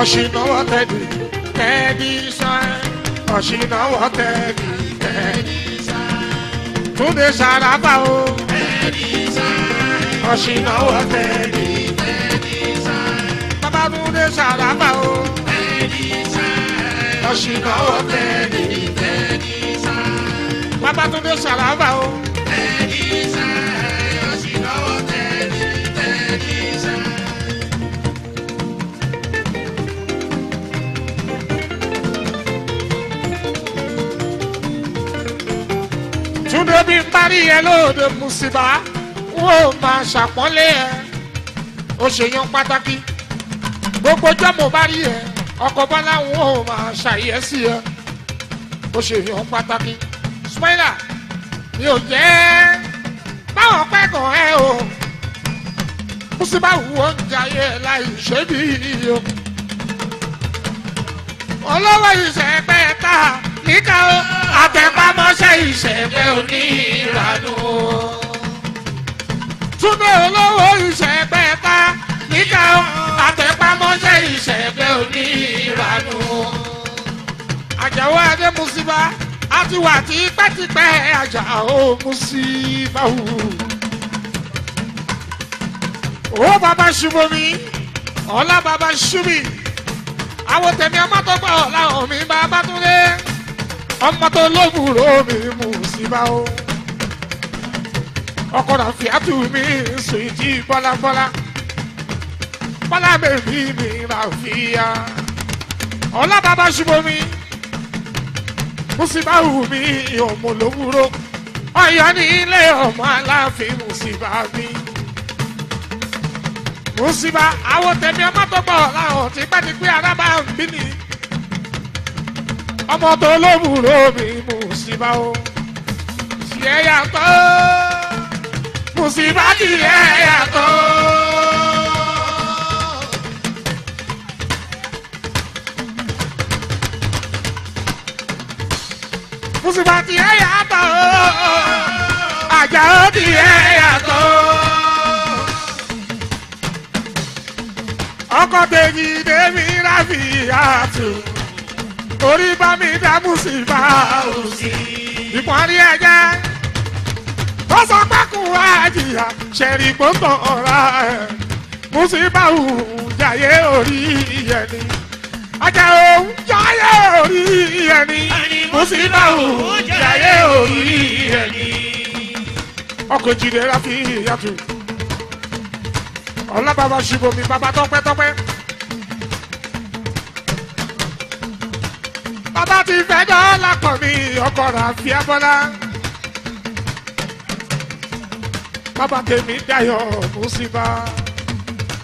Aşina tedi, tedi sen Aşina tedi, tedi sen Tunde sarata o Tedi sen Aşina tedi, tedi sen Baba tunde sarata o Tedi sen Aşina tedi, tedi sen Baba tunde sarata o débi parí ẹ lóde Musiba, wọn ò máa ṣàpọ́nlé ẹ ó ṣèyàn pàtàkì gbogbo ọjọ́ mo bá rí ẹ ọkọ̀ bọ́lá wọn ò máa ṣàyẹ́ sí ẹ ó ṣèyàn pàtàkì spoiler mi ò jẹ́ báwọn pẹ́ kàn ẹ o Musiba wù ó ń jayé láì ṣe bí iyo olówó ìṣẹ̀pẹ̀ ta níkà o àtẹ̀pámọ́ṣẹ́ ìṣẹ̀fẹ̀ oníranú. túnbẹ̀ olówó ìṣẹ̀fẹ̀ ká níkà àtẹ̀pámọ́ṣẹ́ ìṣẹ̀fẹ̀ oníranú. Àjàó adé musiba a ti wà tipẹ́tipẹ́ Àjàó musiba wù. owó bàbá ṣubomi ọlá bàbá ṣubi àwọn tẹ̀mí ọmọ tó gbọ́ ọ̀la omi bàbá tó dé ọmọ tó lóbùrò mi mú sí bá o ọkọ náà fi àtú mi sùn ìjì bọ́lábọ́lá bọ́lá bèbí mi là fi ya ọlọ́bàbà ṣubú mi mú sí bá wù mí ọmọ lóbùrò ọyọ ní ilé ọmọ aláàfin mú sí bá mi mú sí bá àwọn tẹ̀mí ọmọ tó gbọ́ ọ̀la ọ̀ tí pẹ́ ti pé arábà ń bí nìyí ọmọ tó lóbùrò mi mùsíbà o tí ẹ yàtọ̀ mùsíbà tí ẹ yàtọ̀. mùsíbà tí ẹ yàtọ̀ àjà ó tí ẹ yàtọ̀. ọkọ tèmi tèmi rábìyàtọ̀ orí bá mi dákú sí bá ìpọ́nrí ẹ̀jẹ̀ tó sọ pé kù àjìyà ṣẹ̀rì gbọ́tọ̀ ọ̀ra ẹ̀ mùsíbà ò jàyé orí yẹn ni ajá ò jàyé orí yẹn ni mùsíbà ò jàyé orí yẹn ni. ọkọ̀ jìnnà fi yàtọ̀ ọlọ́bàbà ṣubú mi bàbá tọ́pẹ́tọ́pẹ́. bàbá ti fẹjọ́ lápọ̀ mi ọkọ Rafi Abọ́lá. bàbá tèmi dayọ̀ mùsíbà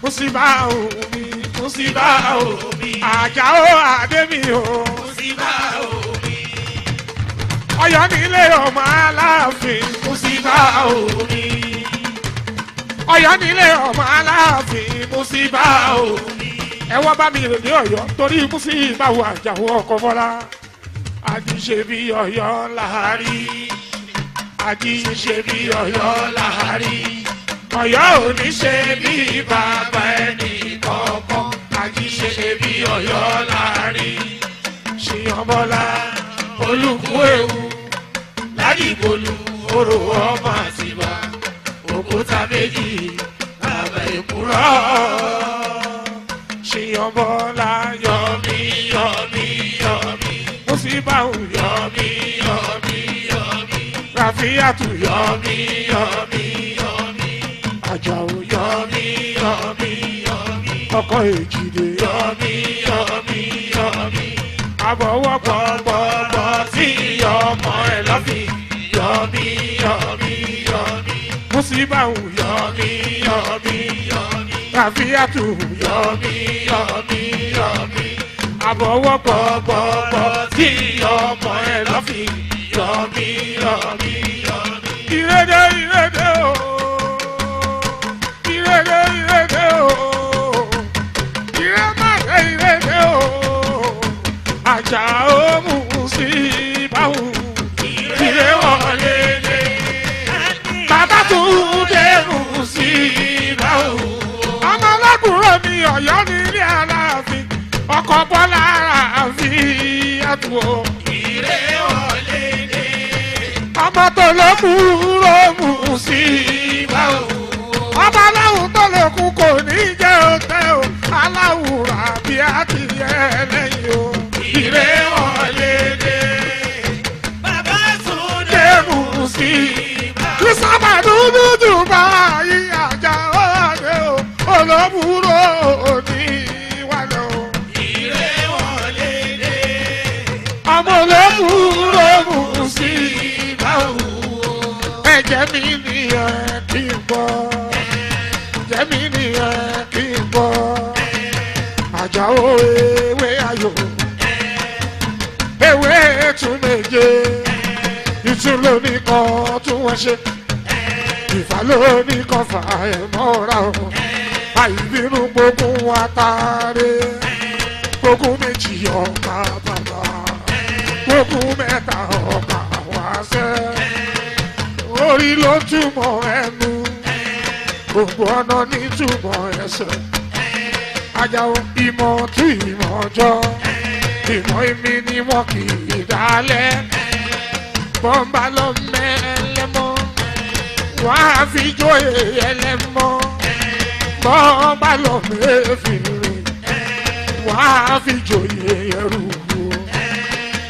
mùsíbà o mi mùsíbà o mi Àjàó Adémi o mùsíbà o mi ni nílé ọmọ Aláàfin mùsíbà o mi ni nílé ọmọ Aláàfin mùsíbà o mi ẹ wá bá mi ní Ọ̀yọ́ torí mú sí ìbáwò àjàwò ọkọ Bọ́lá àjíṣe bí Ọ̀yọ́ làárí àjíṣe bí Ọ̀yọ́ làárí Ọ̀yọ́ ò ní ṣe bí bàbá ẹnì kọ̀ọ̀kan àjíṣe bí Ọ̀yọ́ làárí ṣìyàn Bọ́lá olùkú ewu ládìgbòlù orò ọmọ àtìbá òkúta méjì bàbá ìkúrọ̀ sí ọmọ la yọ mí yọ mí yọ mí. Musibahu yọ mí yọ mí yọ mí. Rafiatu yọ mí yọ mí yọ mí. Àjàò yọ mí yọ mí yọ mí. Ọkọ èjìdè yọ mí yọ mí yọ mí. Àbọ̀wọ̀ pọ̀pọ̀pọ̀ sí ọmọ ẹ̀ lọ́fì yọ mí yọ mí yọ mí. Musibahu yọ mí yọ kàfíàtù. yọmi yọmi yọmi. àbọ̀wọ́pọ̀ gbọ̀gbọ̀ tí ọmọ ẹ lọ́fì. yọmi yọmi yọmi. ìrẹ́dẹ́ ìrẹ́dẹ́ o. ìrẹ́dẹ́ ìrẹ́dẹ́ o. ìrẹ́màdé ìrẹ́dẹ́ o. àjà ó mú sí i. wo. ìrè ọ̀lẹ́dẹ̀. ọmọ tó ló mú róòmù sí i. ọba aláwùn tó lè kú kò ní jẹ́ ọ̀tẹ̀ o aláwùn ràbí àtìyẹ lẹ́yìn o. ìrè ọ̀lẹ́dẹ̀. bàbá sùn mú sí i. kí sábà dúdú. jẹ́mi nìyẹn kí n bọ́ jẹ́mi nìyẹn kí n bọ́ àjàó ewé ayò ewé tún méje ìtún lóní kan tún wọ́n ṣe ìfà lóní kan fà ẹ̀ mọ́ra o àìbínú gbógun wa tààrẹ gbógun méjì ọ̀ka bàbá orí ló túmọ̀ ẹnu gbogbo ọ̀nà ní túmọ̀ ẹsẹ̀ ajáò ìmọ̀ tí ìmọ̀ jọ ìmọ̀ èmi ni wọn kì í dálẹ̀ bọ́ńbà lọ mẹ́lẹ́mọ́ wàá fi jó ẹlẹ́mọ́ bọ́ńbà lọ mẹ́fìlì wàá fi jó ẹrù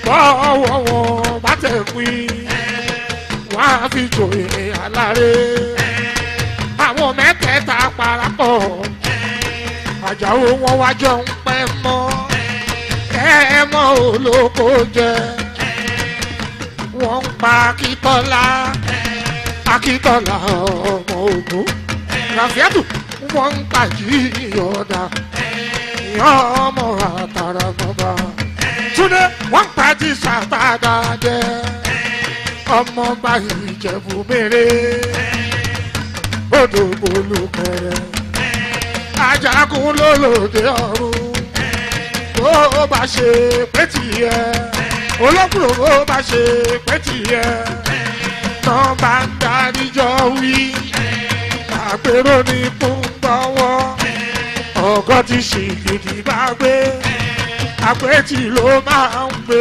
bọ́wọ́ wọn bá tẹ̀ pín wọ́n á fi joyè aláré àwọn mẹ́tẹ̀ẹ̀ta parapọ̀ àjàwó wọn wá jọ ń pẹ́ mọ́ ẹ mọ́ olóko jẹ wọ́n ń pa akitọ́lá akitọ́lá ọmọ ogun ràfíàtù wọ́n ń pàjì ìyọ̀dà ìyá ọmọ àtàràgbọ̀bà túnde wọ́n ń pàjì sàtàdà jẹ ọmọọba ìjẹ̀bú mèrè odò olùkẹrẹ ajagun lólòdè ọ̀run bó o bá ṣe pé tìyẹ olókùnrin bó o bá ṣe pé tìyẹ náà bá ń daríjọ wí àpérò ní fún ọ̀gọ́ ti ṣì gidi bá gbé àpètì ló máa ń gbé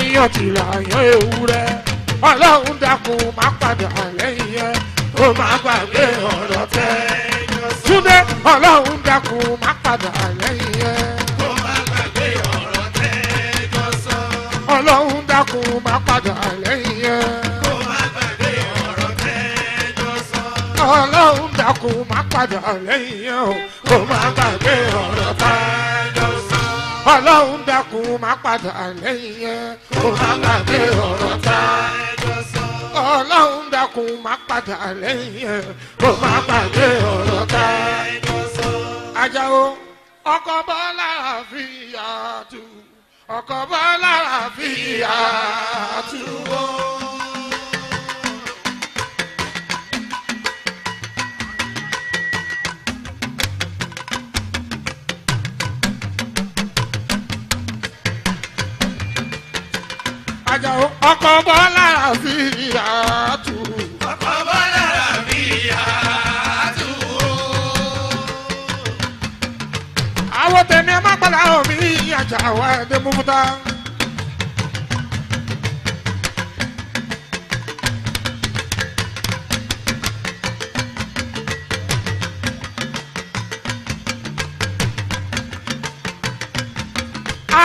láyọ̀ tí láyọ̀ ewúrẹ́ ọlọ́run dákun má padà lẹ́yìn ẹ̀ kó má gbàgbé ọ̀rọ̀ tẹ́ túndé ọlọ́run dákun má padà lẹ́yìn ẹ̀. kó má gbàgbé ọ̀rọ̀ tẹ́ jọ sọ. ọlọ́run dákun má padà lẹ́yìn ẹ̀. kó má gbàgbé ọ̀rọ̀ tẹ́ jọ sọ. ọlọ́run dákun má padà lẹ́yìn ẹ̀ kó má gbàgbé ọ̀rọ̀ tẹ́ ọlọ́run dákun má padà lẹ́yìn yẹn kó má gbàgbé ọ̀rọ̀ tá a jọ sọ. ọlọ́run dákun má padà lẹ́yìn yẹn kó má ọ̀rọ̀ tá a jọ sọ. ajáò ọkọ bọ́lá fi yàtú ọkọ bọ́lá fi yàtú o. Àjàó ọkọ̀ bọ́ lára fi ìyá tù. ọkọ̀ bọ́ lára fi ìyá tù. àwọn tèmi ẹ má pàdà omi Àjàó ẹ̀dẹ́ múmúta.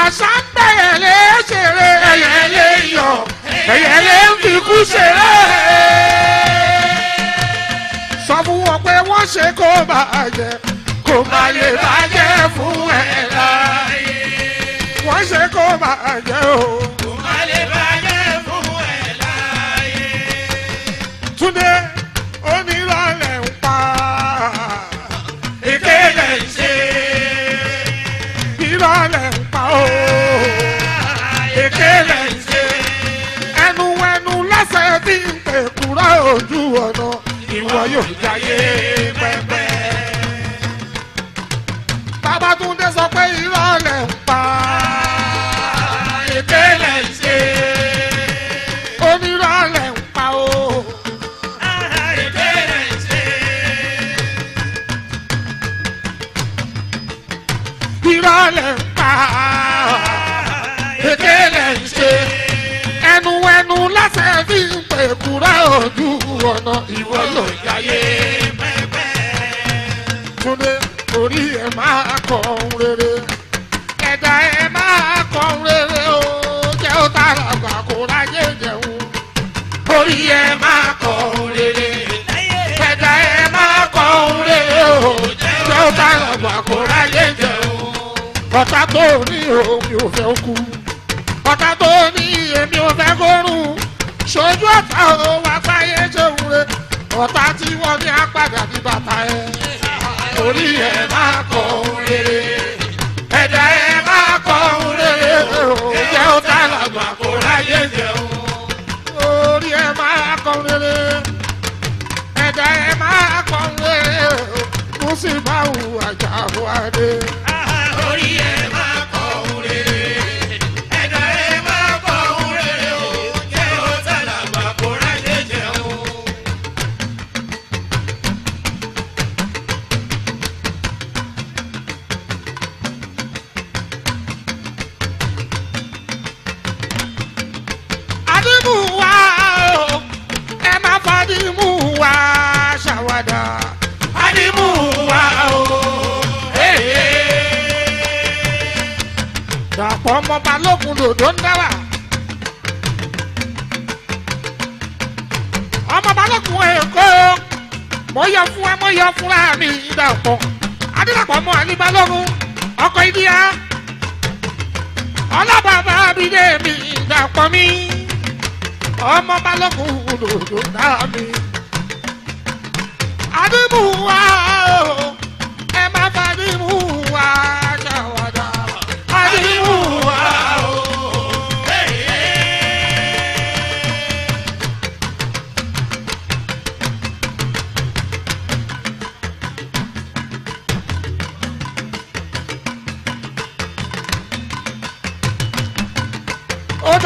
àṣà ń bẹ̀rẹ̀ léṣèré ẹ̀yẹ̀ ẹyẹlé ń fi kú ṣeré sọ fún wọn pé wọ́n ṣe kó bàjẹ́ kó má lè bàjẹ́ fún ẹ láàyè wọ́n ṣe kó bàjẹ́ o kó má lè bàjẹ́ fún ẹ láàyè túndé. ojú ọ̀nà ìwọ yóò jayé pẹ́pẹ́.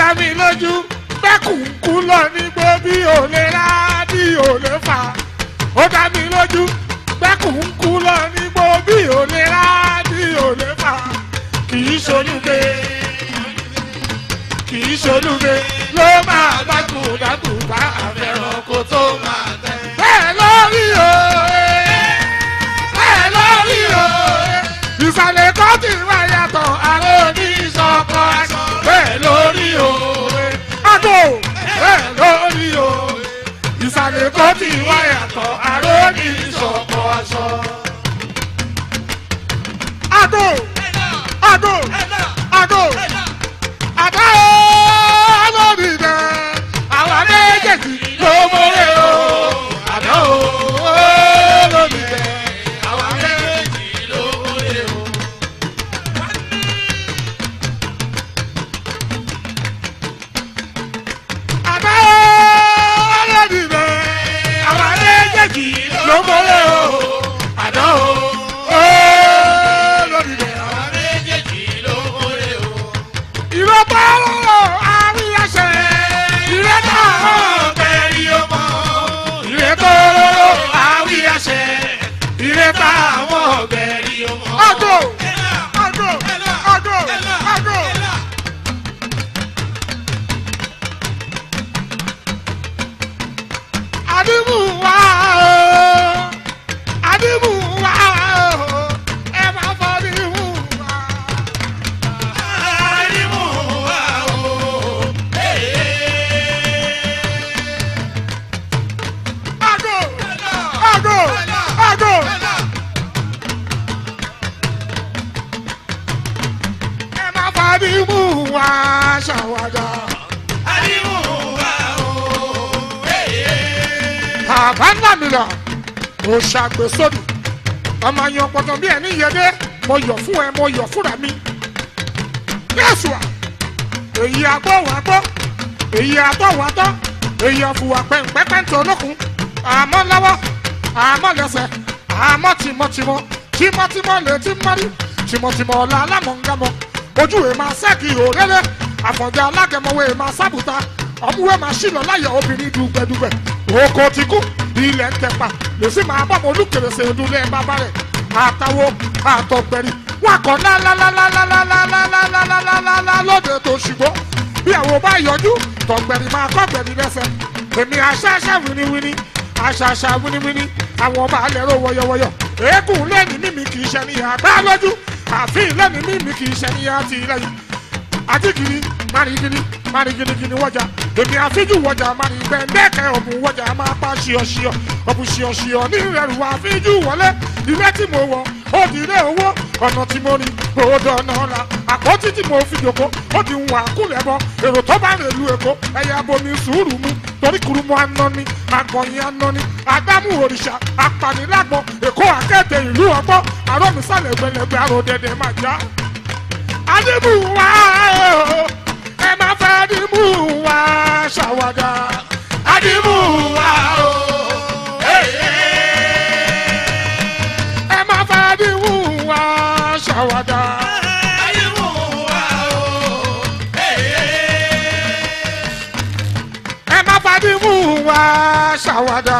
dá mi lójú pé kùnkùn lọ nígbó bí ò lè rá bí ò lè fà ó dá mi lójú pé kùnkùn lọ nígbó bí ò lè rá bí ò lè fà kì í ṣolúgbe kì í ṣolúgbe ló máa bá kùdàkù bá kó tó máa tẹ̀. bẹ́ẹ̀ lórí o bẹ́ẹ̀ lórí o ìsàlẹ̀ tó wá yàtọ̀ àrò ní ìṣọ̀kan àṣà bẹ́ẹ̀ lórí òwe. Àgò bẹ́ẹ̀ lórí òwe. Ìsàlẹ̀ kọ́ ti wá yàtọ̀ àrò ní ìṣọ̀kan aṣọ. Àgò àgò. mo ṣàgbé sódù ọmọ yan pọtọ bí ẹni yẹdẹ mo yọ̀ fún ẹ mo yọ̀ fúnra mi yẹ́sùà èyí agbọ́ wà gbọ́ èyí atọ́ wà tọ́ èyí ọ̀fùwà pẹ̀ǹpẹ́pẹ́ ń tọ́ lókun àmọ́ lọ́wọ́ àmọ́ lẹ́sẹ̀ àmọ́ tìmọ̀tìmọ̀ tìmọ̀tìmọ̀ létí mọ́rí tìmọ̀tìmọ̀ ọ̀la alámọ̀ngámọ̀ ojú ẹ̀ máa sẹ́ẹ̀kì òrẹ́lẹ̀ àfọ̀njá alágẹmọ̀wé máa sábùta ọmúwé máa ṣìlọ láyọ̀ obìnrin dùgbẹ̀dùgbẹ̀ òkò ti kú ilẹ̀ tẹ̀pa lèsì máa bá bọ̀ olúkèrèsè ìdúlẹ̀ bàbá rẹ̀ àtàwọn àtọ̀gbẹ̀rì wọn kọ́ lálálálálálálálálálálálálá lóde tó ṣùgbọ́n bí àwọn bá yọjú tọ̀gbẹ̀rì máa kọ́gbẹ̀rì lẹ́sẹ̀ èmi àṣàṣà winiwini àṣàṣà winiwini àwọn ọba alẹ́rọ wọyọwọyọ eégún lẹ́ni mímí kì í ṣe ni àgbá lójú àfin lẹ́ni mímí kì í ṣe ni àtìlẹ́yìn àtìkiri márìkiri mari gidigidi wọjà èmi àfíjù wọjà mari gbẹ̀ndẹ́kẹ̀ ọ̀bùn wọjà máa pa ṣíọṣíọ ọ̀bùn ṣíọṣíọ ní ìrẹ̀rù àfíjù wọlé ìrẹ́ tí mo wọ̀ ó di ilé owó ọ̀nà tí mo rìn ó dọ̀nà ọ̀la àpótí tí mo fi jòkó ó di wà kúlẹ̀ bọ èrò tó bá rèlú èkó ẹ̀yà bomi sùúrù mu torí kurumu anani agọ̀yìn anani agbámú òrìṣà apanilágbọ̀n èkó akẹ́tẹ̀ ìlú ọgbọ́n àrọ́mísàlẹ̀ gbẹlẹgbẹ àròdẹ̀dẹ̀ màjá. adébùwá eh, ooo. Oh adimu wa ṣàwàdà adimu wa o. ẹ má fa adimu wa ṣàwàdà. adimu wa o. ẹ má fa adimu wa ṣàwàdà.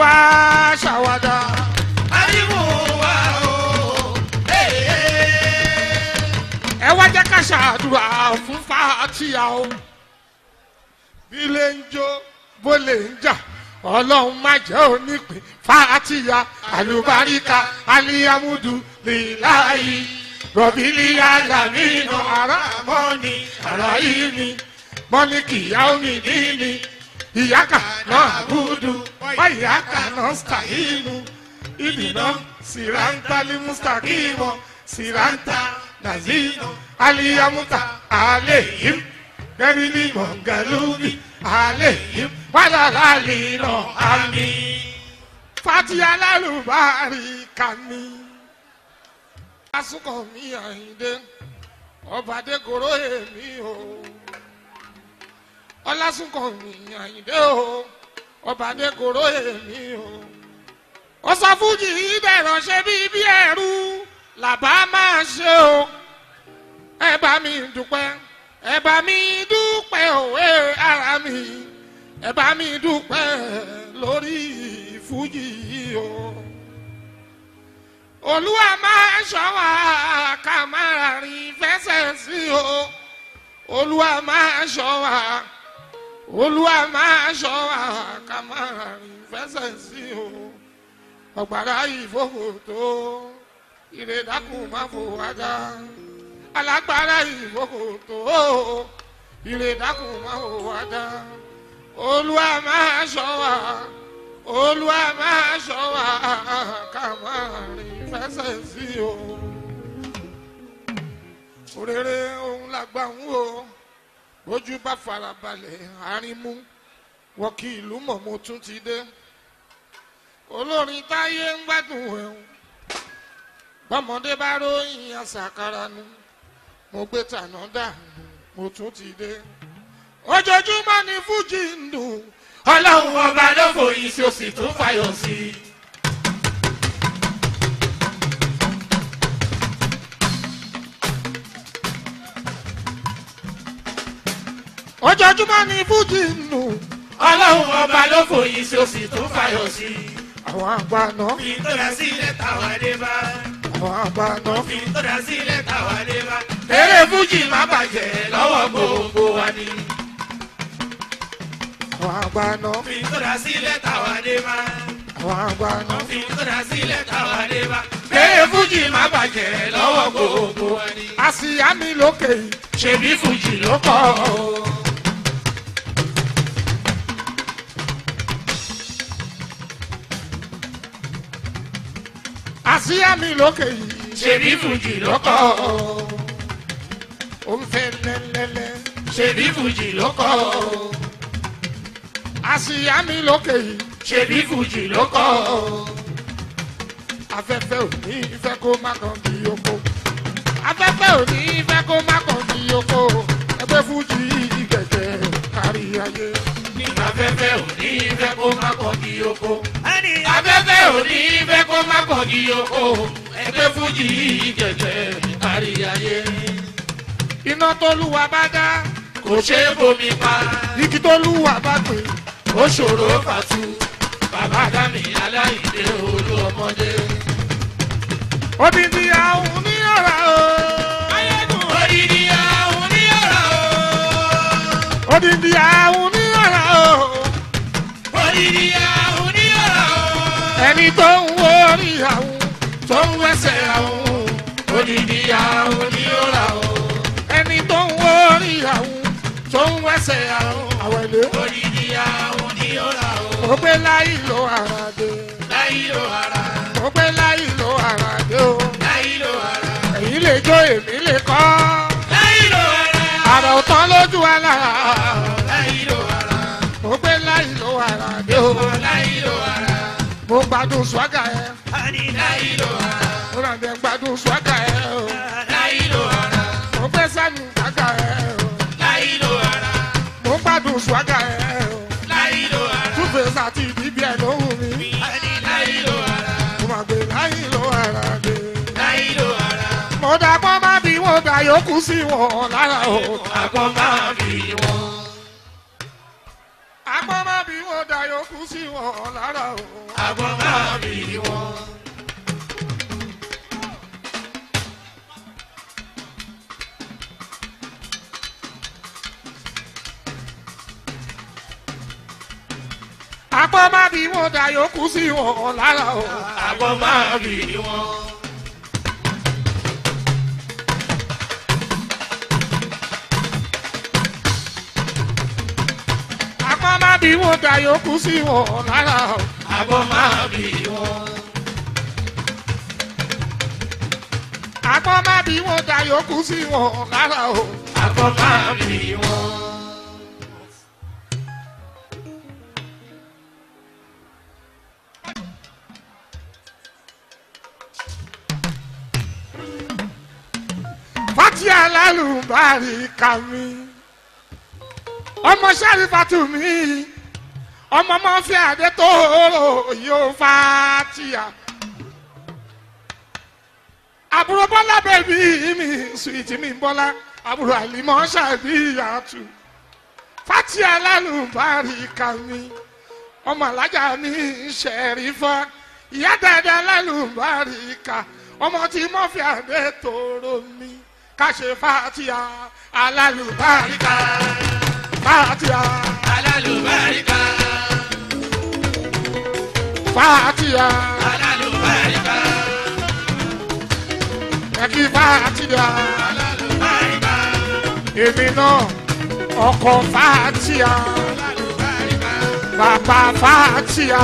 wá ṣàwádà. ariwo wa o. ẹ wá jẹ́ ká ṣàdúrà fún fàtíà o. bí lè ń jó bó lè ń jà ọlọ́run má jẹ́ onípín fàtíà àlùbáríkà aliyamudu lilayi rọ̀bìlì alamínú aramọ́ni alayini mọ́nìkì yaomi nìyí ìyáka náà búdú wá ìyáka náà sàhínú ìdìnnà sìrántà limustakimo sìrántà nazino aliyamuta alehim gẹrìlì mọ̀ngàlúbi alehim wàlàlàlìnà àmì fatiha lálùbárí kàmi. asukọ̀ mi àyíndé ọba dẹ́gọ̀rọ̀ èmi o ọlásùnkànmí àyìndé o ọba adékòró èmi o ó sọ fújì ìbẹ̀rọ̀ ṣe bí bí ẹ̀rú làbá máa ṣe o ẹ bá mi dúpẹ́ ẹ bá mi dúpẹ́ òwe ara mi ẹ bá mi dúpẹ́ lórí fújì o olúwa máa ṣọ́ wa ká máa fẹsẹ̀ sí o olúwa máa ṣọ́ wa olúwa máa ṣọ́ wa ká máa rìn fẹsẹ̀ sí o ọ̀gbàrá ìfowó tó ìrèdákùn máa fò wá dá alágbára ìfowó tó ìrèdákùn máa fò wá dá olúwa máa ṣọ́ wa olúwa máa ṣọ́ wa ká máa fẹsẹ̀ sí o òrèrè òun làgbà ń wò ojú bá farabalẹ̀ arímú wọ́kì ìlú mọ̀mọ́ tún ti dé olórin táyé ń gbádùn ẹ̀hún bọ́mọdé bá ròyìn àṣàkárà nu mo gbé tànà dànù mo tún ti dé ojoojúmọ́ ni fújì ń dùn ọlọ́run ọba ló fòyìn sí o sì tún fàyọ̀ sí i. ojoojúmọ́ ni fújì ń nù. ọlọ́run ọba ló fòyí sí o sì tún fayọ̀ sí i. àwọn àgbà náà. fi tọ́ra sí ilẹ̀ táwa dé bá. àwọn àgbà náà. fi tọ́ra sí ilẹ̀ táwa dé bá. eré fújì má bàjẹ́ lọ́wọ́ gbogbo wa ni. àwọn àgbà náà. fi tọ́ra sí ilẹ̀ táwa dé bá. àwọn àgbà náà. fi tọ́ra sí ilẹ̀ táwa dé bá. eré fújì má bàjẹ́ lọ́wọ́ gbogbo wa ni. àsìyá mi lókè yìí. ṣèbí fújì ló kọ́ ọ́. sí àmì lókè yìí. ṣèbí fújì ló kọ́ ọ. ó ń fẹ́ lẹ́lẹ́lẹ́. ṣèbí fújì ló kọ́ ọ. àṣìyá mi lókè yìí. ṣèbí fújì ló kọ́ ọ. afẹ́fẹ́ ò ní ìfẹ́ kó má oko. afẹ́fẹ́ ò ní ìfẹ́ kó má kàn oko. ẹgbẹ́ fújì gẹ̀gẹ̀ kárí ayé. ní afẹ́fẹ́ ò ní ìfẹ́ kó má oko tẹ́lẹ̀ òní fẹ́ kó má pọ̀ kí yòókù ẹgbẹ́ fújì gẹ̀gẹ́ kárí ayé. iná tólúwa bá dá kò ṣe é bomi pa. igi tólúwa bá pè ó ṣòro fàtú bàbá dámì aláìdé olú ọmọdé. odidi àwọn oníyàrá o. ayégun odidi àwọn oníyàrá o. odidi àwọn oníyàrá o. odidi àwọn ẹni tó ń wo orí àwọn tó ń wẹsẹ̀ àwọn odidi àwọn ni ó rà ó. ẹni tó ń wo orí àwọn tó ń wẹsẹ̀ àwọn àwọn ilé odidi àwọn ni ó rà ó. mo gbé láyé lo ara dé. láyé lo ara. mo gbé láyé lo ara dé o. láyé lo ara. èyí lè jó èmi lè kọ́. láyé lo ara. àrà ò tán lójú ara. láyé lo ara. mo gbé láyé lo ara dé o. láyé mo gbádùn swaga ẹ. ani láyé ló wà. mo rà gbádùn swaga ẹ o. láyé ló wà. mo fẹ́ sanu swaga ẹ o. láyé ló wà. mo gbádùn swaga ẹ o. láyé ló wà. túfẹ̀ sàtì bíbí ẹ̀ ló wù mí. ani láyé ló wà. mo máa gbé láyé ló wà rà dé. láyé ló wà. mo dàgbọ́n má bí wọ́n dà yòókù sí wọn lára o. àgbọ̀n má bí wọn agbọ́n má bí wọn dayọ̀kú sí wọn o. agbọ́n má bí wọn. agbọ́n má bí wọn dayọ̀kú sí wọn lára o. agbọ́n má bí wọn. àbọ̀ má bí wọn gbà yòókù sí wọn lára o. àbọ̀ má bí wọn. àbọ̀ má bí wọn gbà yòókù sí wọn lára o. àbọ̀ má bí wọn. fati alalu bari kami ọmọ sẹ́rí fatumi ọmọ máa fi àdé tó yóò fa tíya. àbúrò bọ́lá bẹ̀bí mi sùwìtì mi bọ́lá àbúrò àlìmọ́ ṣàbíyàtú fatia lálùbáríkà mi ọmọ alájà mi ṣẹ̀rífà ìyá dáadáa lálùbáríkà ọmọ tí mo fi àdé tóró mi ká ṣe fatia alálùbáríkà. Fatiha. Alálùbáríkà. Fatiha. Alálùbáríkà. Ẹ̀kí Fatiha. Alálùbáríkà. Èmi náà ọkọ̀ Fatiha. Alálùbáríkà. Bàbá Fatiha.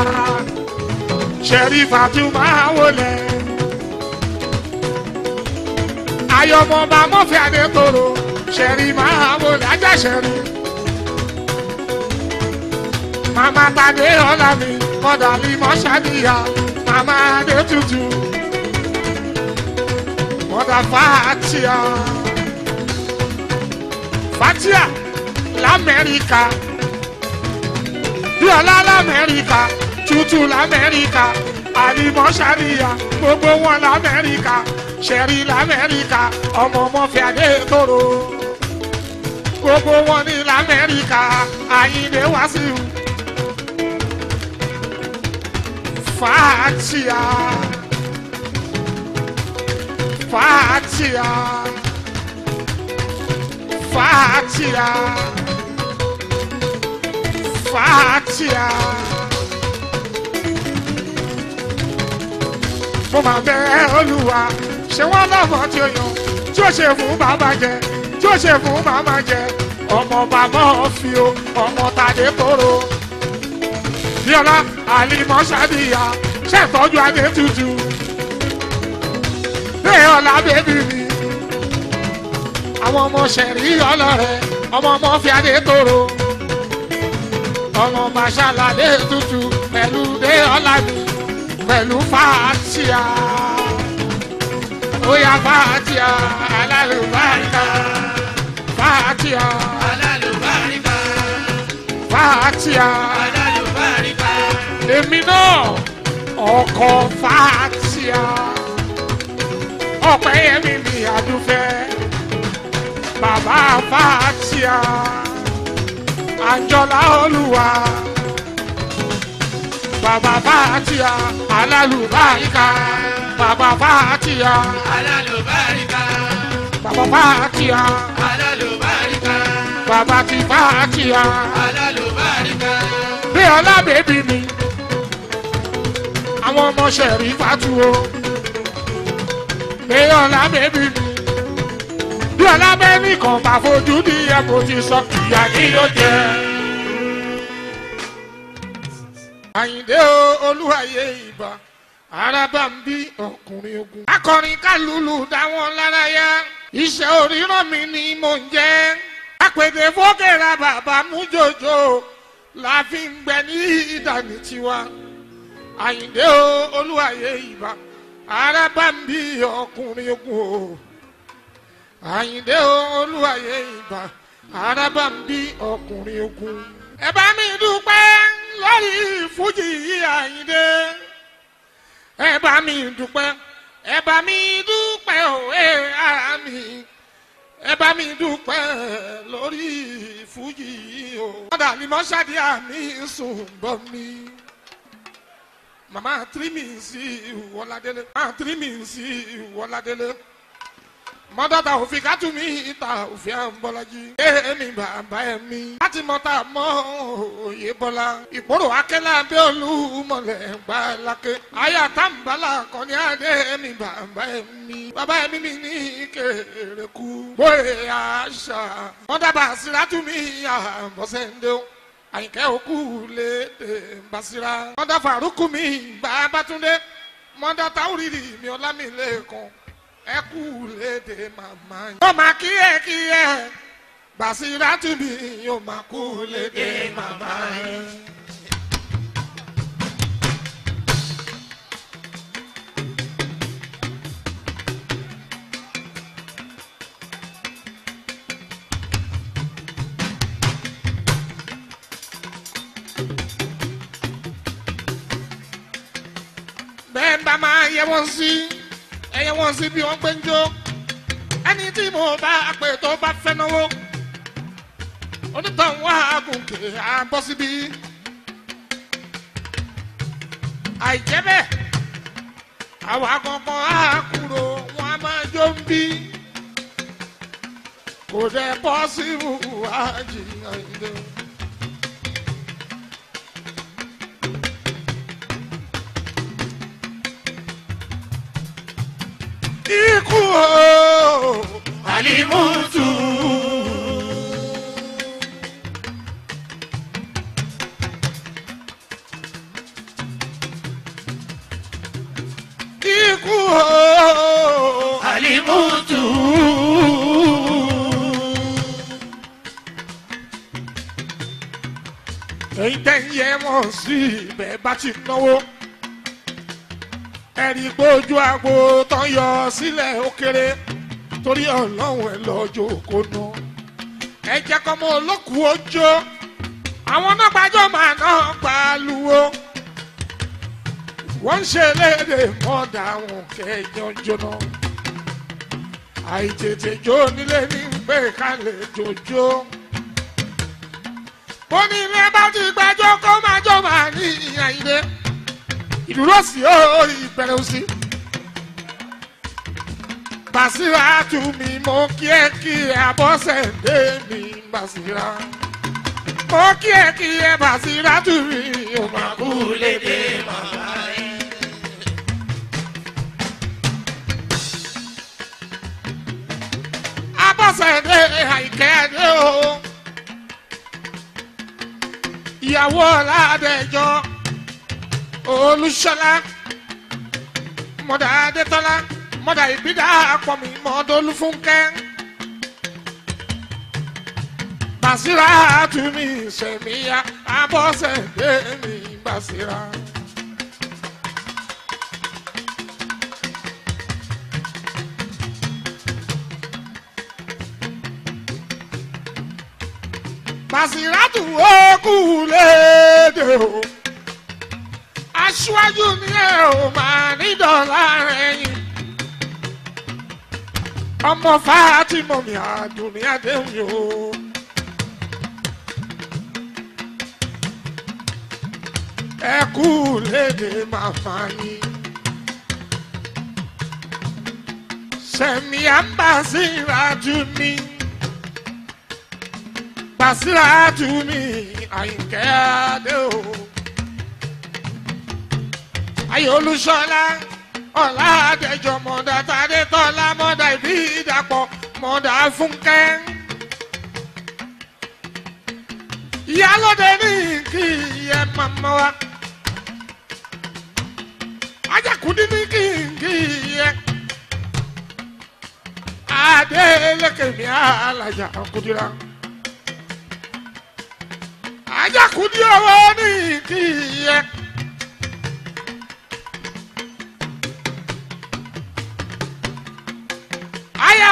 Ṣẹ̀rífà tí ó máa wọlé. Ayọ̀mọ̀ bá mọ̀fẹ́ àdékòrò. Ṣẹ̀rí máa wọlé ajá ṣẹ̀rí màmá tàdé ọ̀la mi mọ̀dà mi mọ̀ ṣàníyà màmá adé tutù mọ̀dà fàtíà Yola lamẹ́ríkà bí ọlá lamẹ́ríkà tutù lamẹ́ríkà àdìmọ̀ ṣàníyà gbogbo wọn lamẹ́ríkà ṣẹ̀rí lamẹ́ríkà ọmọ ọmọ fìadé tóró gbogbo wọn ní lamẹ́ríkà àyìnlé wá sí i. Fatiha Fatiha Fatiha Fatiha mo máa bẹ Olúwa ṣé wọ́n lọ́mọ tí ó yan tí ó ṣe fún bàbá jẹ tí ó ṣe fún màmá jẹ ọmọ Abíọ́lá àlìmọ́ ṣàdìyà ṣètọ́jú adé tutù bẹ́ẹ̀ ọ̀la bẹ́ẹ̀bì mi àwọn ọmọ ṣẹ̀rí ọlọ́rẹ̀ ọmọ ọmọ fi adé tóró ọmọ màṣálà dé tutù pẹ̀lú dé ọ̀la mi pẹ̀lú fàtíà ó yá fàtíà alálùbáríkà fàtíà alálùbáríkà fàtíà alálùbáríkà èmi náà ọkọ̀ fàtíà ọ̀pẹ́ yẹmi ni àdúfẹ́ bàbá fàtíà àjọlá olúwa bàbá fàtíà alálùbáríkà bàbá fàtíà alálùbáríkà bàbá fàtíà alálùbáríkà bàbá ti fàtíà alálùbáríkà bí ọlábẹ́bí ni àwọn ọmọ ṣẹ̀rí fatu o pé ọ̀la bẹ́bí mi bí ọ̀la bẹ́ẹ̀ nìkan bá fojú di ẹ̀kọ́ ti sọ kìyà kí ló jẹ́. àyìndé o olúwayé ìbá araba ń bí ọkùnrin ogun. akọrin kálùlù dáwọn lárayá iṣẹ́ oríran mi ni mò ń jẹ́ àpèdè fókè ra bàbá mú jòjò láfi ń gbẹ ní ìdánitiwa àyìndé o olúwàyè ìbá arábàmbí ọkùnrin ogun o àyìndé o olúwàyè ìbá arábàmbí ọkùnrin ogun. ẹ bá mi dúpẹ́ lórí fújì àyìndé ẹ bá mi dúpẹ́ ẹ bá mi dúpẹ́ òwe ara mi ẹ bá mi dúpẹ́ lórí fújì o. ọ̀dà ni mọ́ṣáde àmì sùn bọ́ mi mama tirimisi wọládélé mama tirimisi wọládélé mọ́tàtà òfin kátó mi ìta òfin àǹbọ̀lájí. èmi bàbá ẹ̀ mi. láti mọ́tà mọ́ òye bọ́lá. ìkóró akẹ́lẹ́ abẹ́ olúmọ̀lẹ̀ gba lakẹ́. àyà tàǹbálà kọ́ni adé èmi bàbá ẹ̀ mi. bàbá ẹ̀ mi mi ní kéré kú. bóyá àṣà. mọ́tàbà síratú mi àbọ̀sẹ̀ ń dẹ́wọ̀ àyìnkẹ́ òkú lè eh, basira mọ́dà faruku mi gbà bátúndé mọ́dà táwùrìrì mi ọlámìlẹ́kùn ẹ kú léde màmá yìí. ó máa kí ẹ kí ẹ basira tún mi yóò máa kú léde màmá yìí. ẹyẹ wọn sí ẹyẹ wọn sí bí wọn pé ń jó ẹni tí mo bá àpè tó bá fẹ́ náwó onítàn wá àgùnkè àgbọ̀ síbí àìjẹ́ bẹ́ẹ̀ àwa kankan á kúrò wọn a máa jó ń bí kò dé pọ́sibú àjìyàn ìdè. Mutu. Ikú Alimutu. Èyí tẹ́ ń yẹ mọ̀ sí ibẹ̀ bá ti náwó ẹ̀rí gbójú àgbo tán yọ sílẹ̀ ó kéré torí ọlọ́run ẹ lọ jókòó nù. ẹ jẹ́ kọ́ mọ olókùú ojó àwọn náà gbàjọ́ màá náà gbà lúwo. wọ́n ń ṣe léde mọ́dà àwọn kẹjọ jóná. àìtètè jó nílé ní gbé kalẹ̀ jòjó. bó ní ilé bá ti gbàjọ́ kó máa jọ màá ní ìyàn ilé. ìdúró sí ó ìbẹ̀rẹ̀ òsì. Basira tu mi mo kí ẹ kí ẹ Abọ́sẹ̀dé mi Basira. Mo kí ẹ kí ẹ Basira tu mi o máa kú lédè màmá yìí. Abọ́sẹ̀dé àìkẹ́ dé o. Ìyàwó Ọládẹjọ́ Olúṣọlá Mọ̀dá Adétọ́lá mọ́dà ìbídà àpọ̀mì mọ́dọ́lú fúnkẹ́. Bàṣírà túnmí ṣẹ̀míyà abọ́sẹ̀ gbẹ̀mí Bàṣírà. Bàṣírà tún ó kú léde o aṣíwájú ni ẹ ò máa ní dọ̀là ẹ̀yìn ọmọ Fatima mi àdùnní adéhùn yòó. ẹ kú léde máa fà ní. sẹ̀mí àbàsírajú mi bàsírajú mi àyìnkẹ́ adéhùn. ayé olúṣọlá ọ̀la àdẹjọ mọ̀dà tàdé tọ́lá mọ̀dà ìbí ìdàpọ̀ mọ̀dà fúnkẹ́. ìyálóde ní kí ìyẹ mama wa ajakudi ní kí kí ìyẹ adélèkèmí alájà kudura ajakudi ọwọ́ ní kí ìyẹ.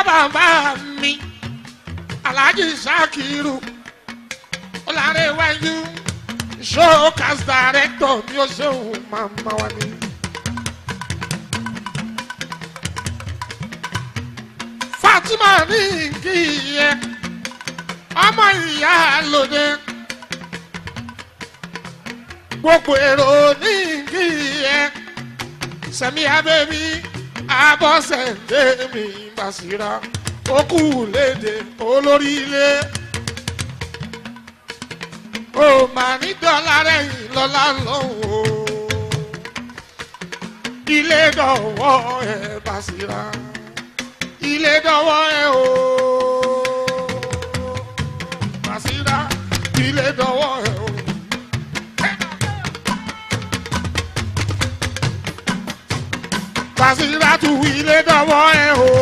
bàbá mi alhaji sakiru ọlárẹ̀wájú showcase director mi ó ṣeun màmá wa ni. fatima ní kí iye ọmọ ìyá lóde gbogbo èrò ní kí sẹmi abẹ́bí abọ́sẹ̀ tèmi Basira ó kù léde olórí ilé ó máa ní dọ́là rẹ̀yìn lọ́la lọ́wọ́ ilé dọ̀wọ́ ẹ̀ Basira ilé dọ̀wọ́ ẹ̀ o. ilé dọwọ́ ẹ o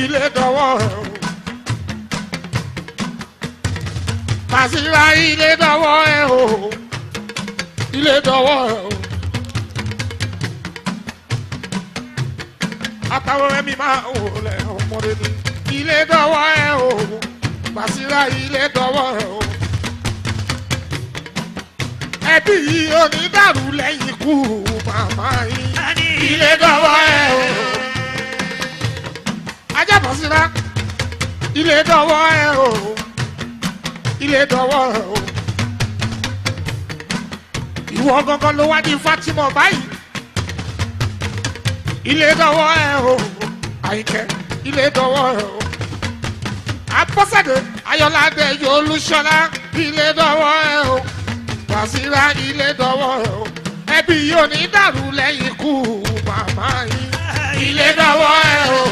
ilé dọwọ́ ẹ o Pasira ilé dọwọ́ ẹ o ilé dọwọ́ ẹ o. àtàwọn ẹ̀mí máa ń wọlé ọmọdé ni ilé dọwọ́ ẹ o Pasira ilé dọwọ́ ẹ o ẹbí yìí onídàrú lẹ́yìn ikú màmá yìí ilé dọ́wọ́ ẹ o. ajábọ̀síra ilé dọ́wọ́ ẹ o. ilé dọ́wọ́ ẹ o. ìwọ gangan ló wá ní Fatima báyìí. ilé dọ́wọ́ ẹ o. àyíkẹ́ ilé dọ́wọ́ ẹ o. abọ́sẹ̀dé ayọ̀ládé yóò lùṣọ́lá ilé dọ́wọ́ ẹ o. Basira ilé dọ́wọ́ ẹ o ẹbí yóò ní dàrú lẹ́yìn kú màmá yín ilé dọ́wọ́ ẹ̀ o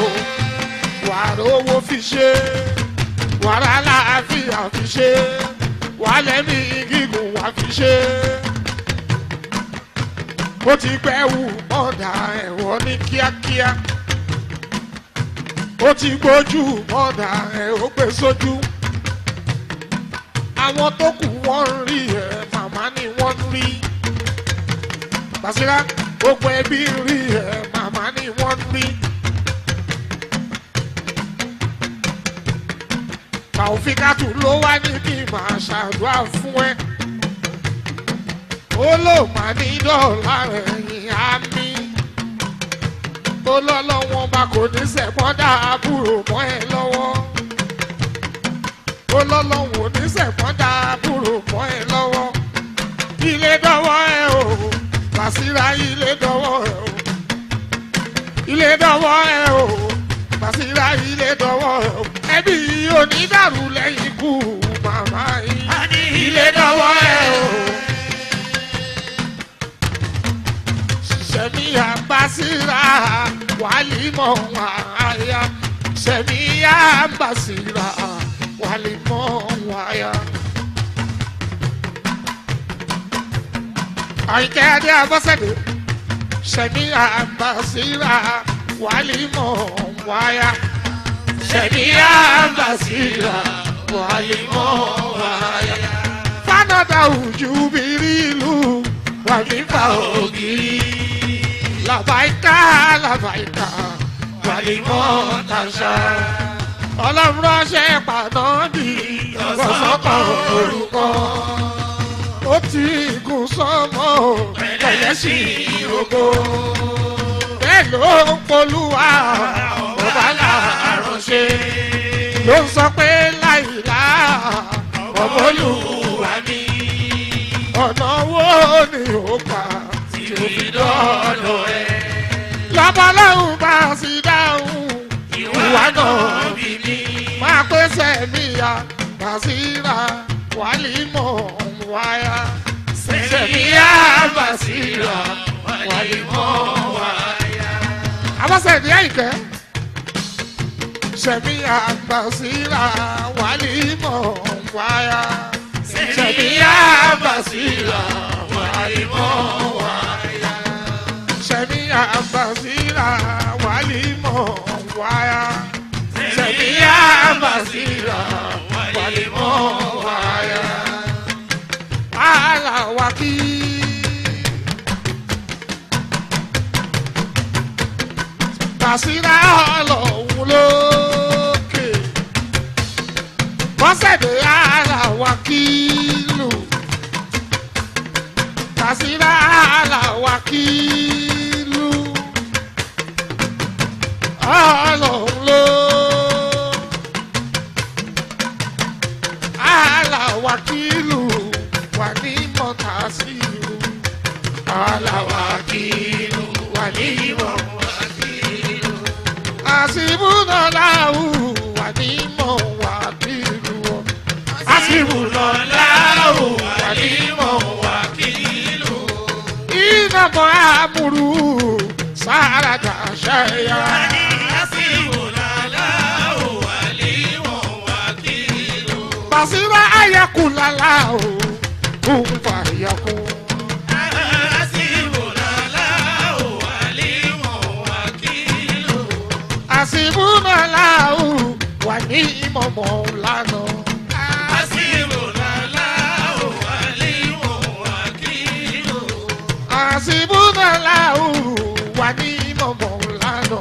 wàrà owó fi ṣe wàrà láàfíà fi ṣe wàlẹ́ ní gígùn wà fi ṣe ó ti pẹ́ wù mọ́dà ẹ̀wọ̀n ní kíákíá ó ti gbójú mọ́dà ẹ̀ ó gbé sójú àwọn tó kù wọ́n ń rí ẹ̀ màmá ni wọ́n rí. Basira gbogbo ẹbí rí ẹ màmá ni wọ́n ní. Tàòfíkàtù ló wá ní kí màá ṣàdúrà fún ẹ. ó lò má ní dọ́ọ̀lá ẹ̀yìn á ní. tó lọ́lọ́wọ́n bá kò ní sẹ̀mọ́ dáàbùrò mọ́ ẹ lọ́wọ́. ó lọ́lọ́wọ́n ò ní sẹ̀mọ́ dáàbùrò mọ́ ẹ lọ́wọ́. ilé dọ́wọ́. Bàṣírà ilé dọwọ́ ẹ o ilé dọwọ́ ẹ o Bàṣírà ilé dọwọ́ ẹ o ẹbí onídàrú lẹ́yìn ikú màmá yìí ilé dọwọ́ ẹ o. Sẹ̀míyà Bàṣírà wàlímọ̀ wáyà Sẹ̀míyà Bàṣírà wàlímọ̀ wáyà. àyíkẹ́ adé abọ́sẹ̀dé ṣẹ̀mí àbàṣírà wàlímọ̀ wáyà. ṣẹ̀mí àbàṣírà wàlímọ̀ wáyà. fánàdà òjú bìrì ìlú wàlífà ògiri. làbáyíká làbáyíká wàlímọ̀ tàṣà. ọlọ́run ránṣẹ́ pàdánù ìgbọ̀nsọ́kọ̀ orúkọ ó ti gùn sọ́mọ́ o pẹ̀lẹ́ sí ògo. bẹ́ẹ̀ ló ń polúwa ọba la ṣe ló ń sọ pé láìlá ọmọ olúwa mi. ọ̀nà wo ni ó pa tí o fi dọ́ọ̀dọ̀ ẹ. lọ́bọ̀lọ́hùn bá a sì dáhùn ìwà náà bí mi. máa pèsè mi ya bàṣírà walimo waya sẹ̀díyà basira walimo waya. abasẹ̀díyà ìkẹ́ sẹ̀díyà basira walimo waya sẹ̀díyà basira walimo waya. sẹ̀díyà basira walimo waya sẹ̀díyà basira alimowaya alawaki. Tàṣírà ọlọ́run lókè bọ́sẹ̀dé alawakilu Tàṣírà alawakilu alawakilu wàlímọ̀ wàkìlù àṣìbùnàláwù wàlímọ̀ wàkìlù àṣìbùnàláwù wàlímọ̀ wàkìlù ìnàbọ̀ àmúrú sàràdà ṣẹ̀yà. àṣìbùnàláwù wàlímọ̀ wàkìlù. bàṣírà ayakùn lálá o kò fà yakùn. hasibuna lahu wa ní ìmọ̀ mọ̀ lánà. hasibuna lahu wa ní ìmọ̀ wakilu. hasibuna lahu wa ní ìmọ̀ mọ̀ lánà.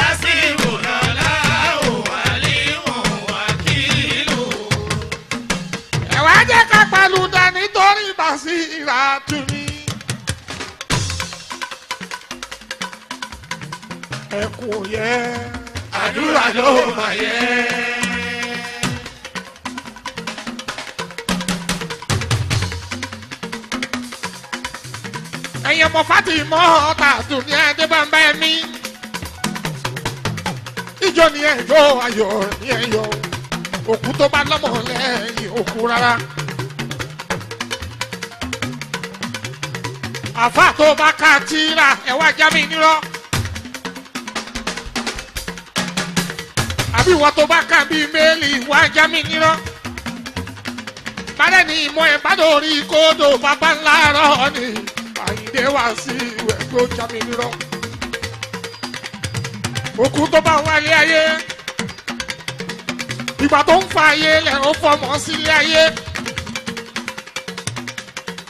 hasibuna lahu wa ní ìmọ̀ wakilu. ẹ̀wá jẹ́ ká pẹ̀lú dání torí bá tún. ẹ kò yẹ. àdúrà ló mà yẹ. ẹ̀yin ọmọ Fatima ọ̀tá dùnmí ẹ̀dẹ́ bá ìjọ ni ẹ yọ ni ẹ yọ òkú tó bá lọ́mọ lẹ́yìn òkú rárá. àfa tó bá ká tíra ẹ wá já àbí ìwọ tó bá kà bí méèlì ìwà ajá mi níná bálẹ̀ ní ìmọ̀ ẹ̀ bá dòrí kódò bàbá ńlá rọ̀ ni àyíndé wá sí ìwẹ̀ tó já mi níná òkú tó bá wáyé ayé ìgbà tó ń fa ayé lẹ̀ ó fọmọ sílé ayé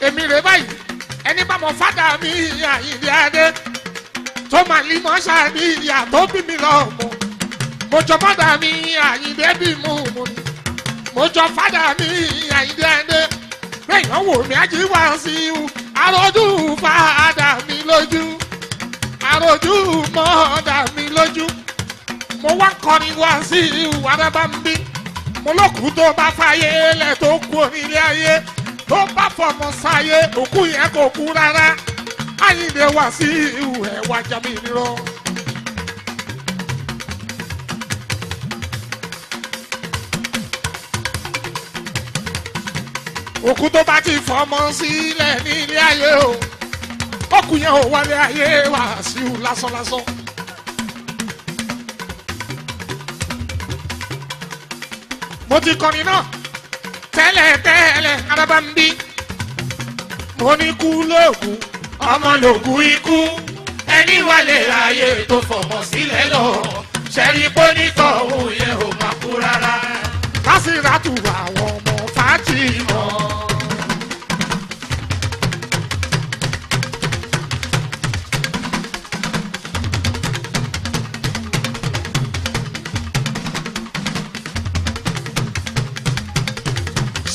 èmi rè báyìí ẹni bá mọ fádà mi àyíndé adé tó màlí mọ́ ṣáà ní ìyá tó bí mi lọ́mọ́ mo jọ fada mi àyìndé bí mo mọ ni mo jọ fada mi àyìndé ẹdẹ pé ìnáwó mi á jí wá sí i arojú fada mi lójú arojú mọ́ọ̀dà mi lójú mo wá kọrin wá sí i wàdábàmbí mo lókùú tó bá fàyè lẹ̀ tó kú onílé ayé tó bá fọmọ sáyé òkú yẹn kò kú rárá àyìndé wá sí ìhù ẹ̀wà jàmí nírọ̀. òkú tó bá ti fọmọ sílẹ̀ nílé ayé o ọkùn yẹn ò wálé ayé wá síu lásánlásán. mo ti kọrin náà tẹ́lẹ̀ tẹ́lẹ̀ araba ń bí mo ní kú lóògùn ọmọ lògùn ikú ẹni wálé ayé tó fọmọ sílẹ̀ lọ ṣẹ́rí pọ́nítọ̀ òun yẹn ò máa kú rárá. lásìrò àtúwọ̀ àwọn káàkiri mọ́.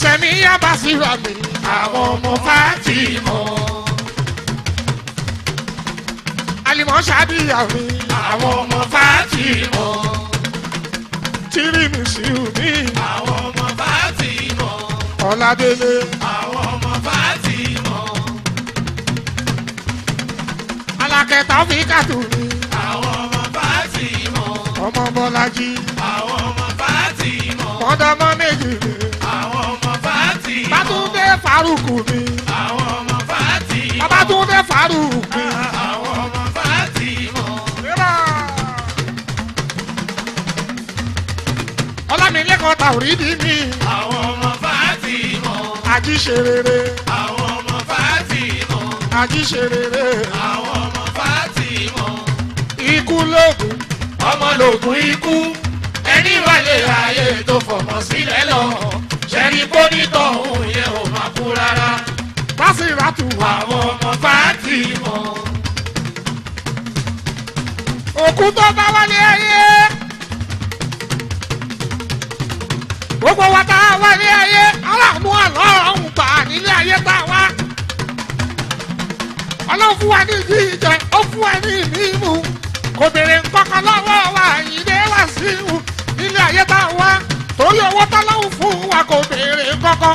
sẹ̀mí yaba síra mi àwọn ọmọ fáàtì mọ́. alimọ̀ ṣáàbíyà mi àwọn ọmọ fáàtì mọ́. tírìmì sí mi. àwọn ọ̀làdélé. àwọn ọmọ fàtì mọ̀. alákẹ́ta fi kàtó ni. àwọn ọmọ fàtì mọ̀. ọmọ bọ́lájí. àwọn ọmọ fàtì mọ̀. mọ́dọ́mọ méjì ni. àwọn ọmọ fàtì mọ̀. bátúndé faruku ni. àwọn ọmọ fàtì mọ̀. babátúndé faruku ni. àwọn ọmọ fàtì mọ̀. mi. àwọn ọmọ àjíṣe rere. àwọn ọmọ fàátì mọ. àjíṣe rere. àwọn ọmọ fàátì mọ. ikú lóògùn. ọmọ lóògùn ikú. ẹni wà lè ààyè tó fọmọ sílẹ̀ lọ. ṣẹ́ni pọ́nítọ̀ òun yẹn ò máa kú rárá. Basiratu. àwọn ọmọ fàátì mọ. òkú tó bá wálé ayé. gbogbo wa tá a wá ní ayé aláàmú àlọ́ ọ̀hún gbà nílé ayé tá a wá. ọlọ́run fún wa ní ìdí ìjẹ ó fún wa ní ìmí ìmú kò béèrè nǹkankan lọ́wọ́ wa ìdè wá sí ìhù nílé ayé tá a wá torí owó tọ́lọ́run fún wa kò béèrè nǹkankan